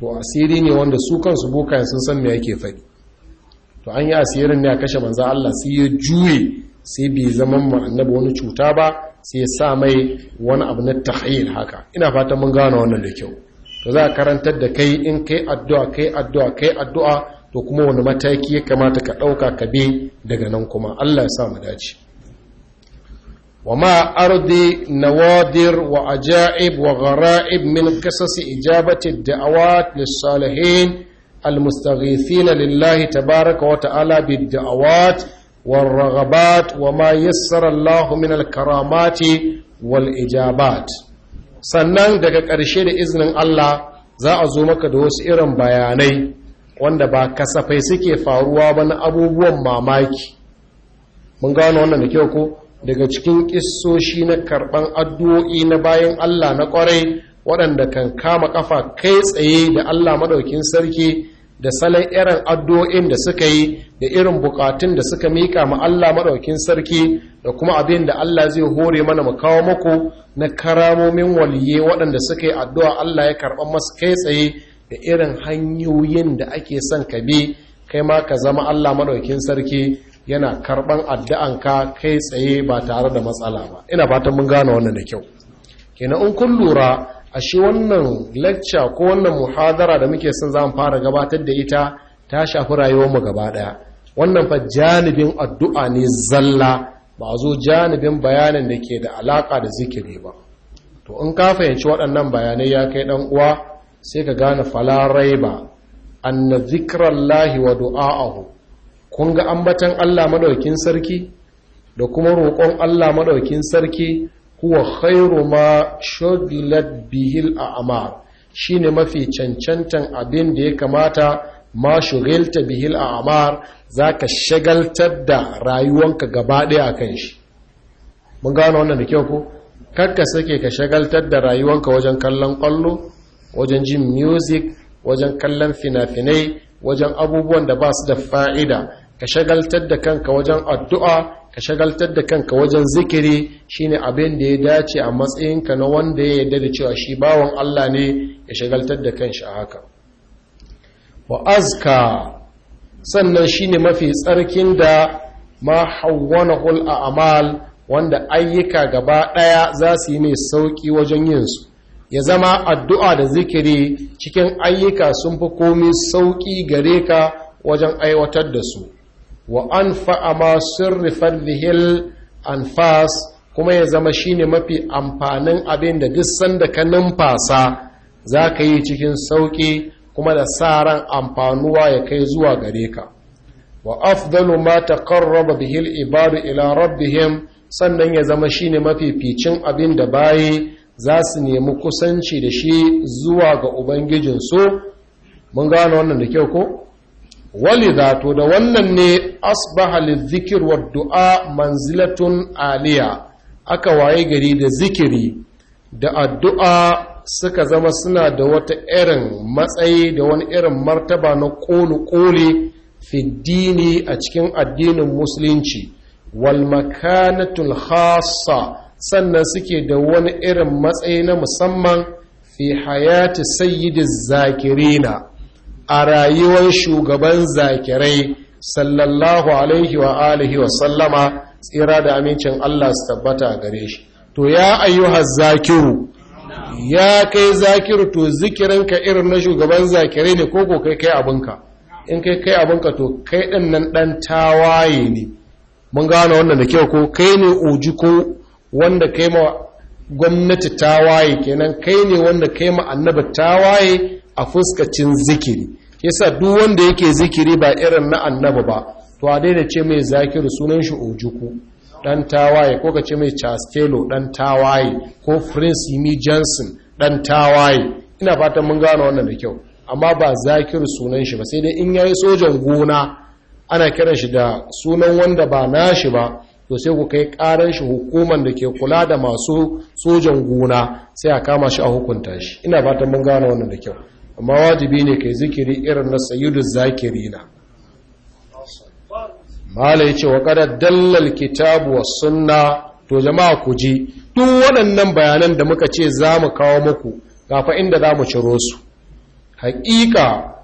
to asiri ne wanda su kansu bokayen sun san me yake faɗi to an yi asirin ne a kashe manzan Allah sai ya juye sai bai zaman annabi wani cuta ba sai sa mai wani abu na tahayyul haka ina fatan mun gano wannan da kyau to za a karantar da kai in kai addu'a kai addu'a kai addu'a to kuma wani mataki ya kamata ka ɗauka ka bi daga nan kuma Allah ya sa mu dace wa ma ardi nawadir wa ajaib wa gharaib min qasas ijabati ad-da'awat lis-salihin al-mustaghithina lillahi tabaaraka wa ta'ala bid-da'awat والرغبات وما يسر الله من الكرامات والإجابات sannan daga ƙarshe da izinin Allah za a zo maka da wasu irin bayanai wanda ba kasafai suke faruwa ba na abubuwan mamaki mun gano wannan da kyau ko daga cikin ƙissoshi na karɓan addu'o'i na bayan Allah na ƙwarai waɗanda kan kama ƙafa kai tsaye da Allah maɗaukin sarki da salon irin addu'o'in da suka yi da irin bukatun da suka mika ma Allah maɗaukin sarki da kuma abin da Allah zai hore mana mu kawo muku na karamomin waliye waɗanda suka yi addu'a Allah ya karɓar masu kai tsaye da irin hanyoyin da ake son ka bi kai ma ka zama Allah maɗaukin sarki yana karɓan addu'anka kai tsaye ba tare da matsala ba ina fatan mun gane wannan da kyau kenan in kun lura ashe wannan lacca ko wannan muhadara da muke son zan fara gabatar da ita ta shafi rayuwar mu gaba ɗaya wannan fa janibin addu'a ne zalla ba zo janibin bayanin da ke da alaƙa da zikiri ba to in ka fahimci waɗannan bayanai ya kai ɗan uwa sai ka gane falarai ba anna zikrallahi wa du'a'ahu kun ga ambatan Allah madaukin sarki da kuma roƙon Allah madaukin sarki huwa khairu ma shagilat bihil a'mar shine mafi cancantan abin da ya kamata ma shugilta bihil a'mar zaka shagaltar da rayuwanka gaba daya akan shi mun gano wannan da kyau ko kakka sake ka shagaltar da rayuwanka wajen kallon kallo wajen jin music wajen kallon fina-finai wajen abubuwan da ba su da fa'ida ka shagaltar da kanka wajen addu'a ka shagaltar da kanka wajen zikiri shine abin da ya dace a matsayinka na wanda ya yarda da cewa shi bawon Allah ne ya shagaltar da kanshi a haka wa azka sannan shine mafi tsarkin da ma a a'mal wanda ayyuka gaba daya za su yi mai sauki wajen yin su ya zama addu'a da zikiri cikin ayyuka sun fi komai sauki gare ka wajen aiwatar da su wa anfa'a ma sirri fardihil anfas kuma ya zama shine mafi amfanin abin da duk sanda ka numfasa za ka yi cikin sauƙi kuma da sa ran amfanuwa ya kai zuwa gare ka wa afdalu ma taqarraba bihil ibadu ila rabbihim sannan ya zama shine mafificin abin da bayi za su nemi kusanci da shi zuwa ga ubangijinsu mun gane wannan da kyau ko ولذا تو da wannan ne asbaha lizikr wa du'a manzilatun aliya aka waye gari da zikiri da addu'a suka zama suna da wata irin matsayi da wani irin martaba na kolu fi dini a cikin addinin musulunci wal makanatul khassa sannan suke da wani irin matsayi na musamman fi hayati sayyidiz zakirina a rayuwar shugaban zakirai sallallahu alaihi wa alihi wa sallama tsira da amincin Allah su tabbata gare shi to ya ayyuhar zakiru ya kai zakiru to zikirinka irin na shugaban zakirai ne ko kai kai abinka in kai kai abinka to kai din nan ɗan tawaye ne mun gano wannan da kyau ko kai ne oji ko wanda kai ma gwamnati tawaye kenan kai ne wanda kai ma annabi tawaye a fuskacin zikiri yasa duk wanda yake zikiri ba irin na annaba ba to a daina ce mai zakiru sunan shi ojuku dan tawaye ko ka ce mai chaskelo dan tawaye ko prince yimi johnson dan tawaye ina fatan mun gano wannan da kyau amma ba zakiru sunan shi ba sai dai in yayi sojan gona ana kiran shi da sunan wanda ba nashi ba to sai ku kai karan shi hukuman da ke kula da masu sojan gona sai a kama shi a hukunta shi ina fatan mun gano wannan da kyau amma wajibi ne kai zikiri irin na zakiri na mala ce wa kada dallal kitabu wa sunna to jama'a ku ji duk waɗannan bayanan da muka ce za mu kawo muku kafa inda za mu ciro su haƙiƙa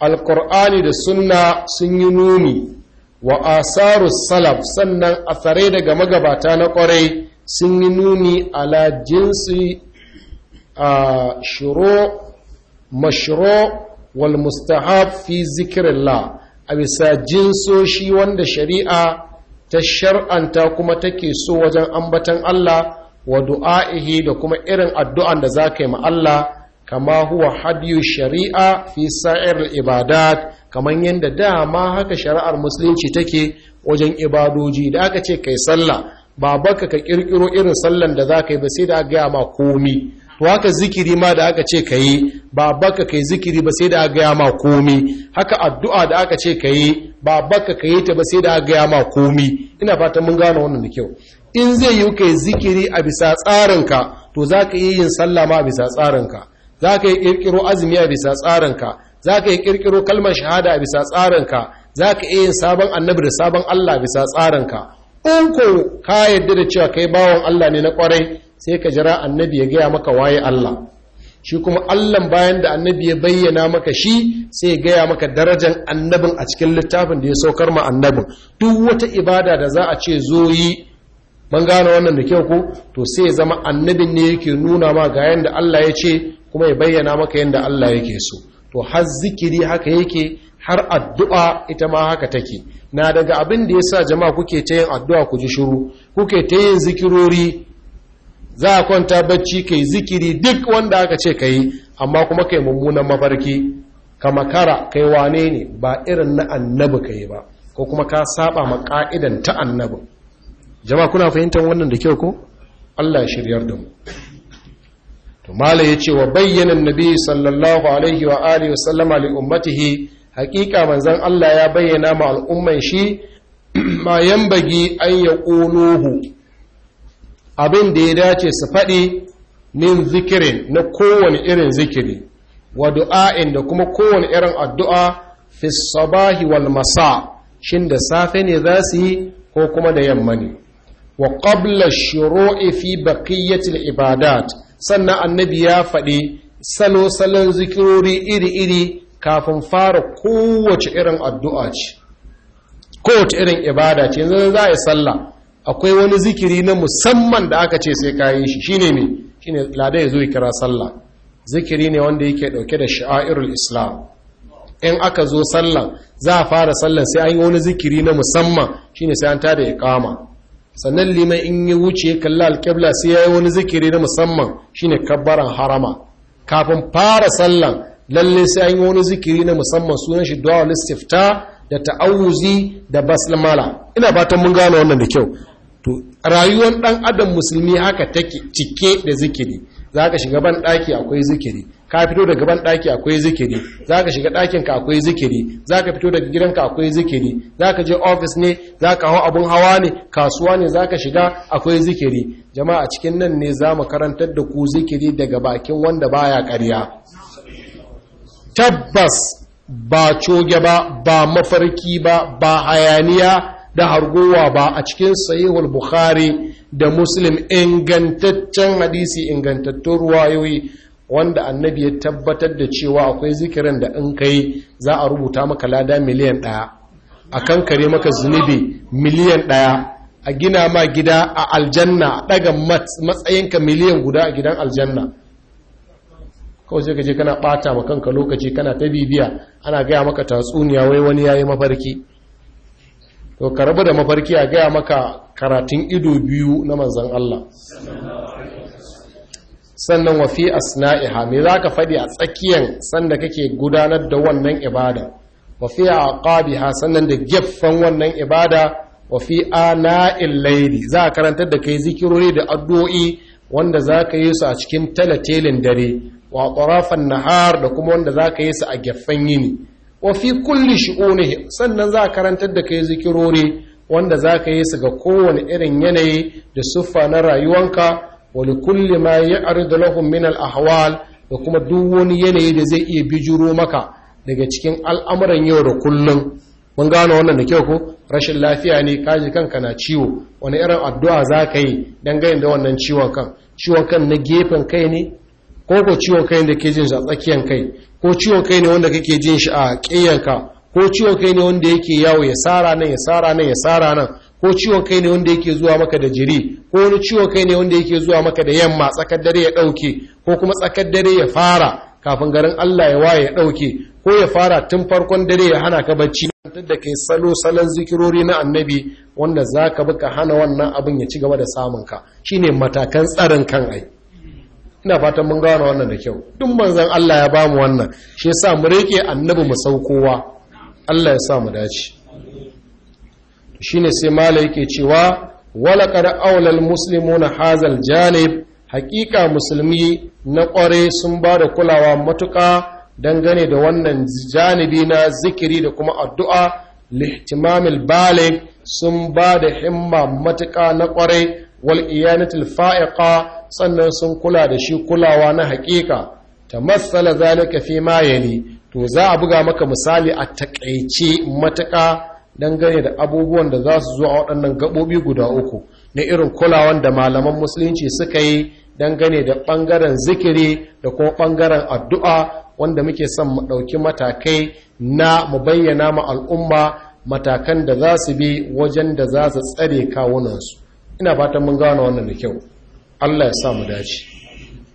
Alƙur'ani da sunna sun yi nuni wa asarus salaf sannan asarai daga magabata na ƙwarai sun yi nuni ala jinsi a shiro mashiro wal mustahab fi zikirillah a bisa jinsoshi wanda shari'a ta shar'anta kuma take so wajen ambatan Allah wa du'a'ihi da kuma irin addu'an da za ka yi ma Allah kama huwa hadiyu shari'a fi sa'ir ibadat kamar yadda dama haka shari'ar musulunci take wajen ibadoji da aka ce kai sallah ba baka ka kirkiro irin sallan da za ka yi ba sai da gaya ma komi to haka zikiri ma da aka ce kayi ba baka kai zikiri ba sai da aka gaya ma komi haka addu'a da aka ce kayi ba baka kayi ta ba sai da aka gaya ma komi ina fatan mun gane wannan da kyau in zai yi kai zikiri a bisa tsarinka to za yi yin sallah ma a bisa tsarinka za ka yi ƙirƙiro azumi a bisa tsarinka za ka yi ƙirƙiro kalmar shahada a bisa tsarinka za ka yi yin sabon annabi da sabon Allah a bisa tsarinka in ko ka yadda da cewa kai bawon Allah ne na kwarai. sai ka jira annabi ya gaya maka waye Allah shi kuma Allah bayan da annabi ya bayyana maka shi sai ya gaya maka darajan annabin a cikin littafin da ya saukar ma annabin duk wata ibada da za a ce zo yi mun gane wannan da kyau ko to sai ya zama annabin ne yake nuna ma ga yanda Allah ya ce kuma ya bayyana maka yanda Allah yake so to har zikiri haka yake har addu'a ita ma haka take na daga abin da yasa jama'a kuke ta yin addu'a ku ji shiru kuke ta yin zikirori za a kwanta bacci ka yi zikiri duk wanda aka ce ka yi, amma kuma ka yi mummunan mafarki ka makara kai wane ne ba irin na annabi yi ba ko kuma ka saba ma ka'idan ta annabi jama'a kuna fahimtar wannan da kyau ko Allah ya shiryar da mu to mala ce wa bayyana nabi sallallahu alaihi wa alihi wasallama li ummatihi haqiqa manzon Allah ya bayyana ma al'umman shi (clears throat) ma yambagi an yaquluhu abin da ya dace su faɗi min zikirin na kowane irin zikiri wa du'a'in da kuma kowane irin addu'a fi sabahi wal masa shin da safe ne za su yi ko kuma da yamma ne wa qabla shuru'i fi baqiyatil ibadat sannan annabi ya faɗi salo salon zikirori iri-iri kafin fara kowace irin addu'a ce kowace irin ibada ce yanzu za a yi sallah akwai wani zikiri na musamman da aka ce sai kayan shi shi ne shine lada ya zo kira sallah zikiri ne wanda yake dauke da sha'airul islam in aka zo sallah za a fara sallah sai an yi wani zikiri na musamman shine sai an tada ya kama. sannan liman in ya wuce kalla alkebla sai ya yi wani zikiri na musamman shine kabbaran harama kafin fara sallah lalle sai an yi wani zikiri na musamman sunan shi du'a da ta'awuzi da basmala ina fatan mun gane wannan da kyau to rayuwar dan adam musulmi haka take cike da zikiri za ka shiga ban daki akwai zikiri ka fito daga ban daki akwai zikiri za ka shiga ɗakinka akwai zikiri za ka fito daga gidanka akwai zikiri za ka je ofis ne za ka hau abin hawa ne kasuwa ne za ka shiga akwai zikiri jama'a cikin nan ne za mu karantar da ku zikiri daga bakin wanda baya ƙarya tabbas ba coge ba ba mafarki ba ba hayaniya da hargowa ba a cikin sahihul bukhari da muslim ingantaccen hadisi ingantattun ruwayoyi wanda annabi ya tabbatar da cewa akwai zikirin da in kai za a rubuta maka lada miliyan ɗaya a kan kare maka zunubi miliyan ɗaya a gina ma gida a aljanna a ɗaga matsayinka miliyan guda a gidan aljanna kawai sai ka kana ɓata ma kanka lokaci kana ta bibiya ana gaya maka tatsuniya wai wani ya yi mafarki to ka da mafarki a gaya maka karatun ido biyu na manzan Allah sannan wafi asna'iha me za ka faɗi a tsakiyan sanda kake gudanar da wannan ibada wafi a ƙabiha sannan da gefen wannan ibada wafi ana'in laili za a karanta da kai zikirori da addu'o'i wanda za ka yi su a cikin talatelin dare wa ƙorafan nahar da kuma wanda za ka yi su a gefen yini wa fi kulli shi'unihi sannan za a karantar da kai zikirori wanda za ka yi su ga kowane irin yanayi da siffa na rayuwanka wani kulli ma ya'ridu lahun min al da kuma duk wani yanayi da zai iya bijiro maka daga cikin al'amuran yau da kullum mun gano wannan da kyau ko rashin lafiya ne kaji kanka na ciwo wani irin addu'a za ka yi don gayin da wannan ciwon kan ciwon kan na gefen kai ne ko ko ciwon kai da ke jin shi a tsakiyan kai ko ciwon kai ne wanda kake jin shi a ƙiyanka ko ciwon kai ne wanda yake yawo ya sara nan ya sara nan ya sara nan ko ciwon kai ne wanda yake zuwa maka da jiri ko wani ciwon kai ne wanda yake zuwa maka da yamma tsakar dare ya dauke ko kuma tsakar dare ya fara kafin garin Allah ya waye ya ɗauke ko ya fara tun farkon dare ya hana ka bacci da kai salo salon zikirori na annabi wanda zaka ka hana wannan abin ya ci gaba da samun ka, shine matakan tsarin kan ai ina fatan mun gano wannan da kyau duk manzon Allah ya bamu wannan shi yasa mu rike annabi mu saukowa Allah ya sa mu dace shine sai mala yake cewa wala qad al muslimuna hazal janib haqiqa musulmi na kware sun ba da kulawa matuƙa dangane da wannan janibi na zikiri da kuma addu'a lihtimamil baligh sun ba da himma matuƙa na kware wal iyanatil fa'iqa sannan sun kula da shi kulawa na haƙiƙa ta matsala zalika fi ma yali to za a buga maka misali a takaice matuƙa dangane da abubuwan da za su zo a waɗannan gaɓoɓi guda uku na irin kulawan da malaman musulunci suka yi dangane da ɓangaren zikiri da kuma ɓangaren addu'a wanda muke son mu ɗauki matakai na mu bayyana ma al'umma matakan da za su bi wajen da za su tsare kawunansu ina fatan mun gano wannan da kyau Allah ya sa dace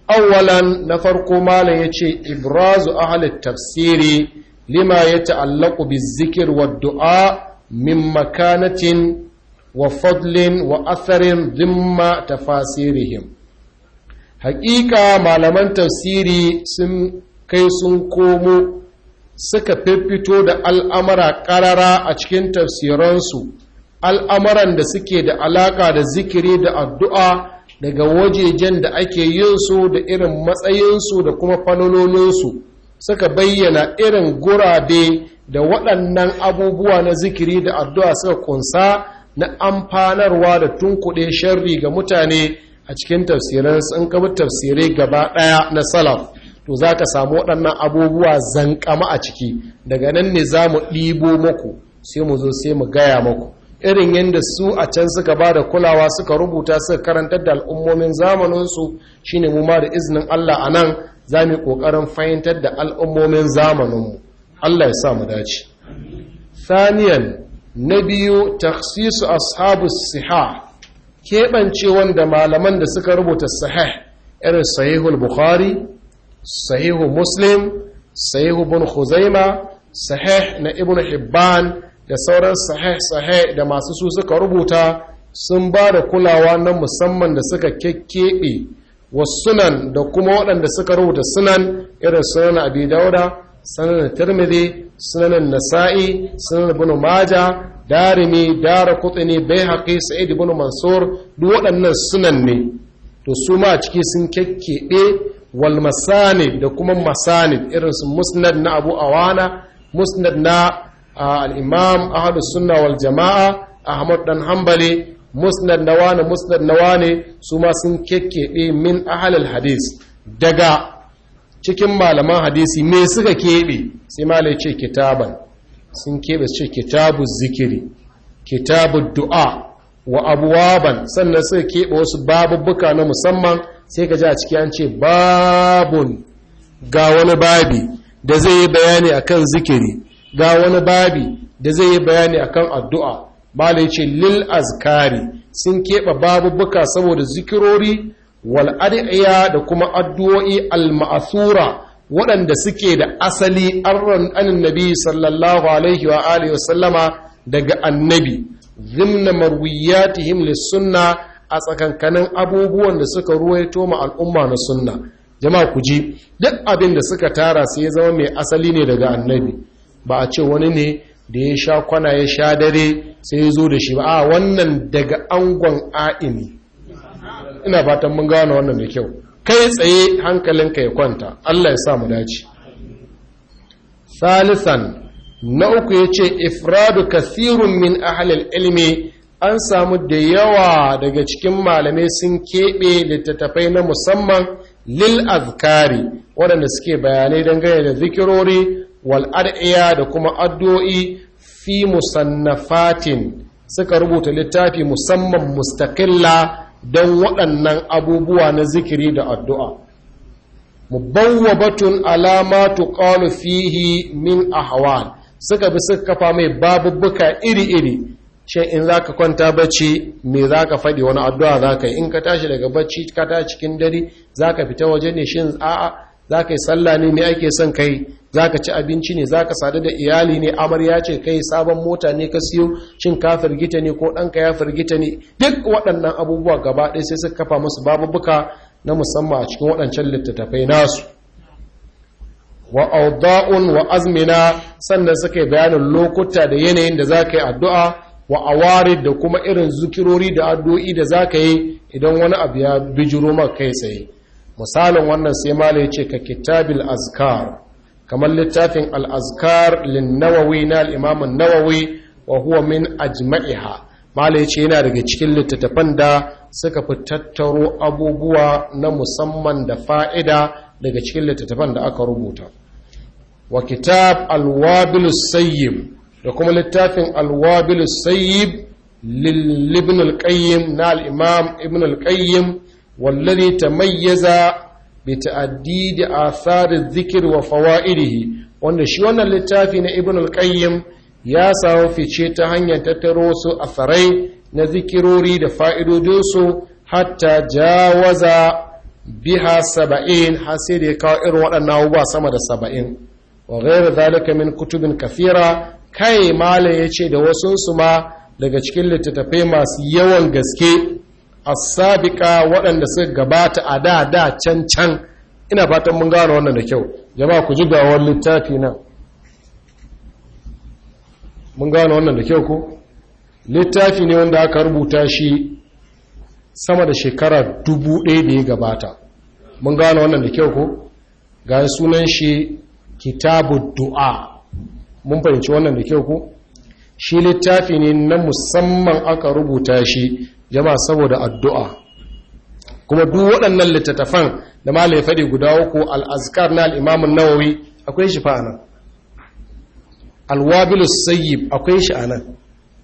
awwalan na farko malam yace ibrazu ahli tafsiri lima yata'allaqu bizikr wad du'a min makanatin wa fadlin wa atharin dhimma tafasirihim haƙiƙa malaman tafsiri sun kai sun komo suka fiffito da al'amara ƙarara a cikin tafsiransu al'amaran da suke da alaƙa da zikiri da addu'a daga wajejen da ake yin su da irin matsayinsu da kuma fanololinsu suka bayyana irin gurabe da waɗannan abubuwa na zikiri da addu'a suka kunsa na amfanarwa da tunkuɗe sharri ga mutane a cikin tafsirin sun kama tafsirai gaba ɗaya na salaf to za ka samu waɗannan abubuwa zankama a ciki daga nan ne za mu ɗibo muku sai mu zo sai mu gaya muku? irin yadda su a can suka ba da kulawa suka rubuta suka karantar da al'ummomin zamaninsu shi ne mu ma da izinin Allah a nan za mu ƙoƙarin fahimtar da al'ummomin zamaninmu Allah ya sa mu dace saniyan na biyu taksisu ashabu siha keɓance wanda malaman da suka rubuta sahih irin sahihul bukhari sahihu muslim sahihu bin khuzaima sahih na ibn hibban da sauran sahih-sahih da masu su suka rubuta sun ba da kulawa na musamman da suka kekkebe wasunan da kuma waɗanda suka rubuta sunan irin sunan abi dauda sunan tirmidhi sunan nasa'i sunan ibn maja darimi dara kutini baihaqi sa'id ibn mansur duk waɗannan sunan ne to su ma ciki sun kekkebe wal masanid da kuma masanid irin su musnad na abu awana musnad na al’imam imam ahlus sunna wal jama'a ahmad ɗan hambali musnad na wane musnad na wane su ma sun kekkebe min ahlul hadis daga cikin malaman hadisi me suka keɓe sai ma ce kitaban sun kebe ce kitabu zikiri kitabu du'a wa abuwaban sannan suka keɓe wasu babubuka na musamman sai ka ji a ciki an ce babun ga wani babi da zai yi bayani a kan zikiri ga wani babi da zai yi bayani a kan addu'a bala ya ce lil azkari sun keɓe babubuka saboda zikirori wal da kuma addu'o'i al-ma'asura waɗanda suke da asali an annabi sallallahu alaihi wa alihi wasallama daga annabi zimna marwiyatihim lissunna a tsakankanin abubuwan da suka ruwaito ma al'umma na sunna jama'a ku ji duk abin da suka tara sai ya zama mai asali ne daga annabi ba a ce wani ne da ya sha kwana ya sha dare sai ya zo da shi ba a wannan daga angon a'ini ina fatan mun gano wannan da kyau kai tsaye hankalinka ya kwanta Allah ya samu mu dace salisan na uku ya ce ifradu kasirun min ahalil ilmi an samu da yawa daga cikin malamai sun keɓe littattafai na musamman lil azkari waɗanda suke bayanai don dangane da zikirori wal da kuma addu'o'i fi musannafatin suka rubuta littafi musamman mustakilla don waɗannan abubuwa na zikiri da addu'a batun alama ƙalu fihi min ahwal suka bi suka kafa mai babubbuka iri-iri ce in za ka kwanta bacci me za ka faɗi wani addu'a za ka yi in ka tashi daga bacci ka ta cikin dare za ka fita waje ne shin a'a za ka yi tsalla ne mai ake son kai za ka ci abinci ne za ka sadu da iyali ne amarya ce kai sabon mota ne ka siyo cin ka firgita ne ko ɗanka ya firgita ne duk waɗannan abubuwa gaba ɗaya sai suka kafa musu babubuka na musamman a cikin waɗancan littattafai nasu wa auda'un wa azmina sannan suka yi bayanin lokuta da yanayin da za ka yi addu'a wa da kuma irin zukirori da addu'o'i da za ka yi idan wani abu ya bijiro maka kai tsaye misalin wannan sai mala ya ce ka kitabil azkar kamar littafin al'azkar linnawawi na al'imamun nawawi wa huwa min ajma'iha mala ya ce yana daga cikin littattafan da suka fi tattaro abubuwa na musamman da fa'ida daga cikin littattafan da aka rubuta wa kitab alwabilus sayyib da kuma littafin alwabilus sayyib lil ibn na al ibn al-qayyim والذي bi ta'addidi athari dhikr wa fawaidihi wanda shi wannan littafi na ibn al-qayyim ya samu fice ta hanyar tattaro su asarai na zikirori da har hatta jawaza biha saba'in har sai da ya kawo irin waɗannan abubuwa sama da saba'in wa ghairu zalika min kutubin kafira kai Malam yace da wasu su ma daga cikin littattafai masu yawan gaske asabika waɗanda suka gabata a da da can can ina fatan mun gano wannan da kyau jama'a ku ji ga wannan littafi nan mun gano wannan da kyau ko littafi ne wanda aka rubuta shi sama da shekara dubu ɗaya da ya gabata mun gano wannan da kyau ko ga sunan shi kitabu du'a mun fahimci wannan da kyau ko shi littafi ne na musamman aka rubuta shi jama saboda addu'a kuma duk waɗannan littattafan da malai faɗi guda uku al'azkar na al'imamun nawawi akwai shi fa’ana alwabilus sayyib akwai shi a nan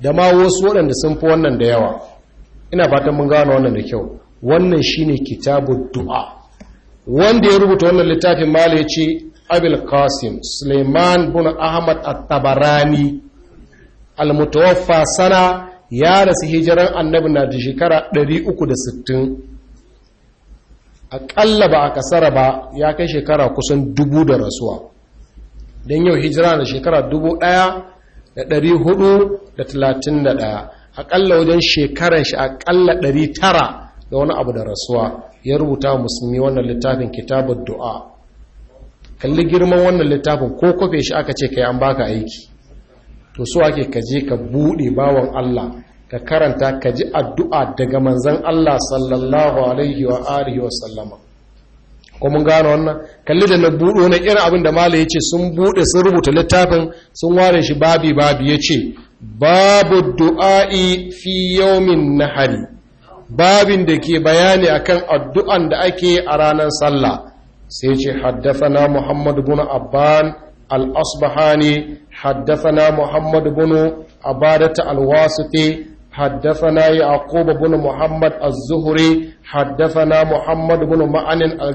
da ma wasu waɗanda sun fi wannan da yawa ina fatan mun gano wannan da kyau wannan shine kitabu du'a wanda ya rubuta wannan littafin mala ce abil qasim suleiman bin ahmad at-tabarani al-mutawaffa sana ya rasu hijiran annabi na da shekara 360 aƙalla ba a kasara ba ya kai shekara kusan dubu da rasuwa don yau hijira na shekara dubu ɗaya da ɗari hudu da talatin da ɗaya aƙalla wajen shekarar shi aƙalla ɗari tara da wani abu da rasuwa ya rubuta musulmi wannan littafin kitabar du'a kalli girman wannan littafin ko kofe shi aka ce kai an baka aiki to so ake kaje ka buɗe bawan Allah ka karanta ka ji addu'a daga manzan Allah sallallahu alaihi wa wa sallama ko mun gano wannan kalli da na buɗo na irin abin da mala ce sun buɗe sun rubuta littafin sun ware shi babi babi ya ce, babu du'a'i fi na nahari babin da ke bayani akan addu'an da ake a ranar sallah sai ce na Muhammadu buna abban al’asbahani haddafana muhammad bunu abadata alwasiti haddafana yaquba bunu muhammad az-zuhri haddafana muhammad bunu ma'anin al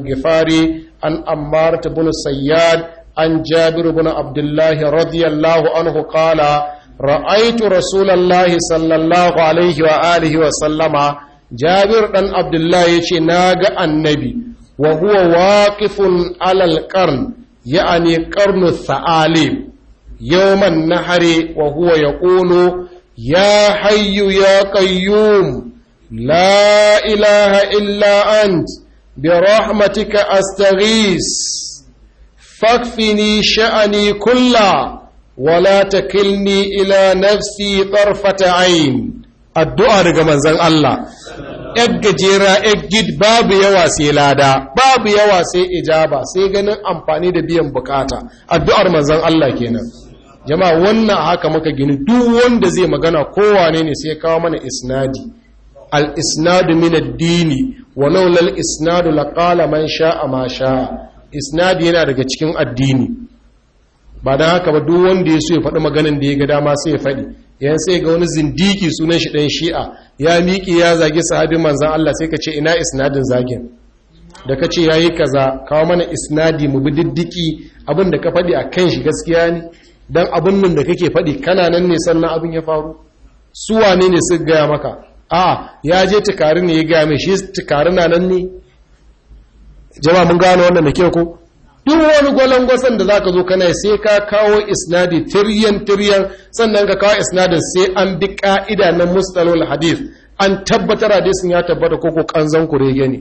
an ammarata bunu sayyad an jabiru bunu abdullahi radiyallahu anhu qala Ra'aitu rasulallahi sallallahu alayhi wa alihi wa sallama jabir dan abdullahi yace naga annabi wa huwa waqifun alal ƙarn. ya'ani qarnu sa'alim yawman nahari wa huwa yaqulu ya hayyu ya qayyum la ilaha illa ant bi rahmatika astaghis فاكفني شأني كلا ولا تكلني إلى نفسي طرفة عين الدعاء رجمان زن الله ‘yar gajera ‘yar gid babu yawa sai lada babu yawa sai ijaba sai ganin amfani da biyan bukata addu'ar manzan Allah kenan jama'a wannan haka muka gini duk wanda zai magana kowane ne sai kawo mana isnadi al-isnadu min ad wa laula al-isnadu laqala man sha'a ma sha'a isnadi yana daga cikin addini ba dan haka ba duk wanda ya so ya faɗi maganan da ya ga dama sai ya faɗi yan sai ga wani zindiki sunan shi dan shi'a ya miƙi ya zagi sahabin manzan Allah sai ka ce ina isnadin zagin da ka ce ya yi kaza kawo mana isnadi mu bi diddiki abin da ka faɗi a kan shi gaskiya ne don abin nan da kake faɗi kana nan ne sannan abin ya faru su wane ne su gaya maka a ya je tukari ne ya gaya mai shi tukari na nan ne jama mun gano wannan da ke ko duk wani gwalangwasan da za ka zo kana sai ka kawo isnadi tiryan tiryan sannan ka kawo isnadin sai an bi ka'ida na mustalol hadith an tabbatar hadisin ya tabbata koko kanzan kurege ne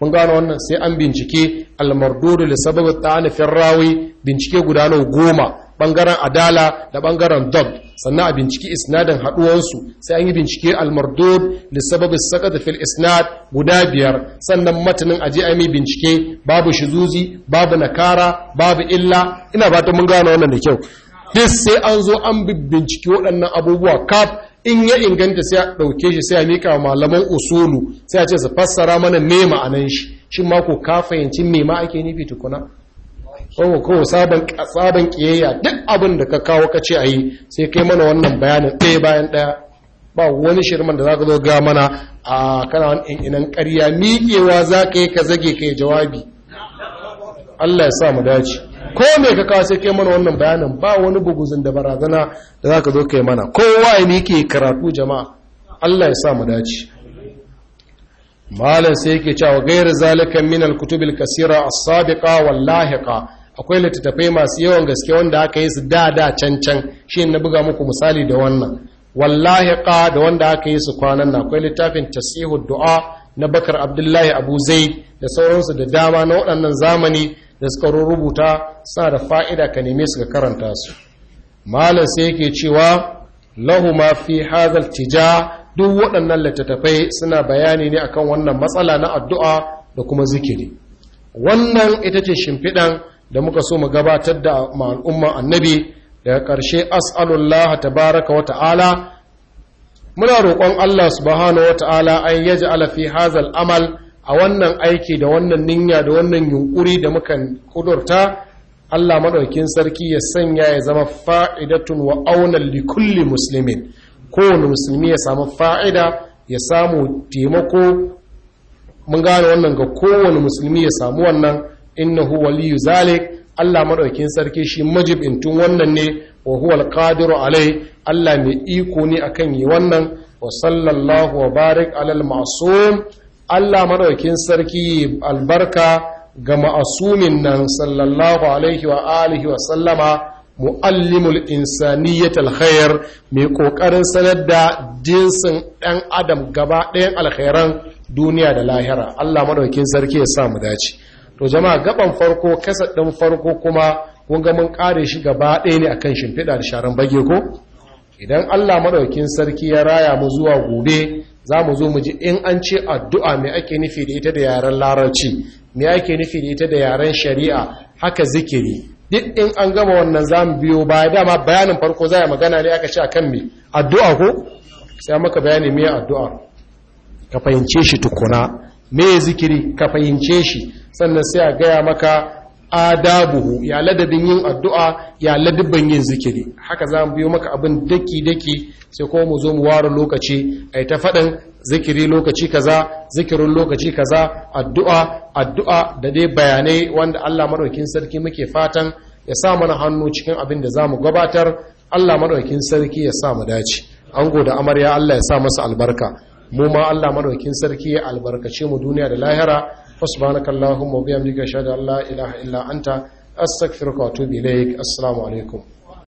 mun gano wannan sai an bincike almardudu li sababin ta'ani firrawi bincike guda nawa goma bangaren adala da bangaren dog sannan a binciki isnadin haduwansu sai an yi bincike almardud da sababin sakata fil isnad guda biyar sannan matanin aji a yi bincike babu shizuzi babu nakara babu illa ina ba ta mun wannan da kyau duk sai an zo an bincike waɗannan abubuwa kaf in ya inganta sai a ɗauke shi sai a miƙa malaman usulu sai a ce su fassara mana me ma'anan shi shin ma ko ka fahimci me ma ake nufi tukuna sau kawo sabon kiyayya duk abin da ka kawo ka ce a yi sai kai mana wannan bayanin ɗaya bayan ɗaya ba wani shirman da za ka zo ga mana a kana wani inan ƙarya miƙewa za ka yi ka zage ka yi jawabi Allah ya sa mu dace ko me ka kawo sai kai mana wannan bayanin ba wani buguzin da barazana da za ka zo kai mana kowa ya miƙe karatu jama'a Allah ya sa mu dace malam sai yake cewa gairu zalikan min al-kutub al-kasira as-sabiqa wal-lahiqa akwai littattafai masu yawan gaske wanda aka yi su da da can can shi na buga muku misali da wannan wallahi ka da wanda aka yi su kwanan na akwai littafin tasihu du'a na bakar abdullahi abu zai da sauransu da dama na waɗannan zamani da suka rubuta suna da fa'ida ka neme su ka karanta su malam sai yake cewa lahu ma fi hazal tija duk waɗannan littattafai suna bayani ne akan wannan matsala na addu'a da kuma zikiri wannan ita ce shimfiɗan da muka so mu gabatar da al'umma annabi daga ƙarshe as'alullah tabaraka wa ta'ala muna roƙon Allah subhanahu wa ta'ala an yaj'ala fi hazal amal a wannan aiki da wannan ninya da wannan yunkuri da muka kudurta Allah maɗaukin sarki ya sanya ya zama fa'idatun wa aunan li kulli muslimin kowane musulmi ya samu fa'ida ya samu taimako mun gane wannan ga kowane musulmi ya samu wannan innahu waliyu zalik Allah madaukin sarki shi majibintun wannan ne wa huwa alqadiru alai Allah mai iko ne akan yi wannan wa sallallahu wa barik alal ma'sum Allah madaukin sarki albarka ga ma'sumin nan sallallahu alaihi wa alihi wa sallama mu'allimul insaniyyatal khair mai kokarin sanar da jinsin dan adam gaba ɗayan alkhairan duniya da lahira Allah madaukin sarki ya sa mu dace to jama'a gaban farko kasa ɗin farko kuma kun ga mun kare shi gaba ɗaya ne akan shimfiɗa da sharan bage ko idan Allah maɗaukin sarki ya raya mu zuwa gobe za mu zo mu ji in an ce addu'a mai ake nufi da ita da yaren larabci me ake nufi da ita da yaren shari'a haka zikiri duk in an gama wannan za mu biyo baya dama bayanin farko za a magana ne aka ce akan kan addu'a ko sai maka bayani mai addu'a ka fahimce shi tukuna me zikiri ka fahimce shi sannan sai a gaya maka adabuhu ya ladabin yin addu'a ya ladabin yin zikiri haka za mu biyo maka abin daki-daki sai kuma mu zo mu ware lokaci a ta faɗin zikiri lokaci kaza zikirin lokaci kaza addu'a addu'a da dai bayanai wanda Allah maɗaukin sarki muke fatan ya sa mana hannu cikin abin da za mu gabatar Allah maɗaukin sarki ya sa mu dace an gode amarya Allah ya sa masa albarka mu ma Allah madaukin sarki ya albarkace mu duniya da lahira subhanakallahumma wa bihamdika ashhadu an la ilaha illa anta astaghfiruka wa atubu ilaik assalamu alaikum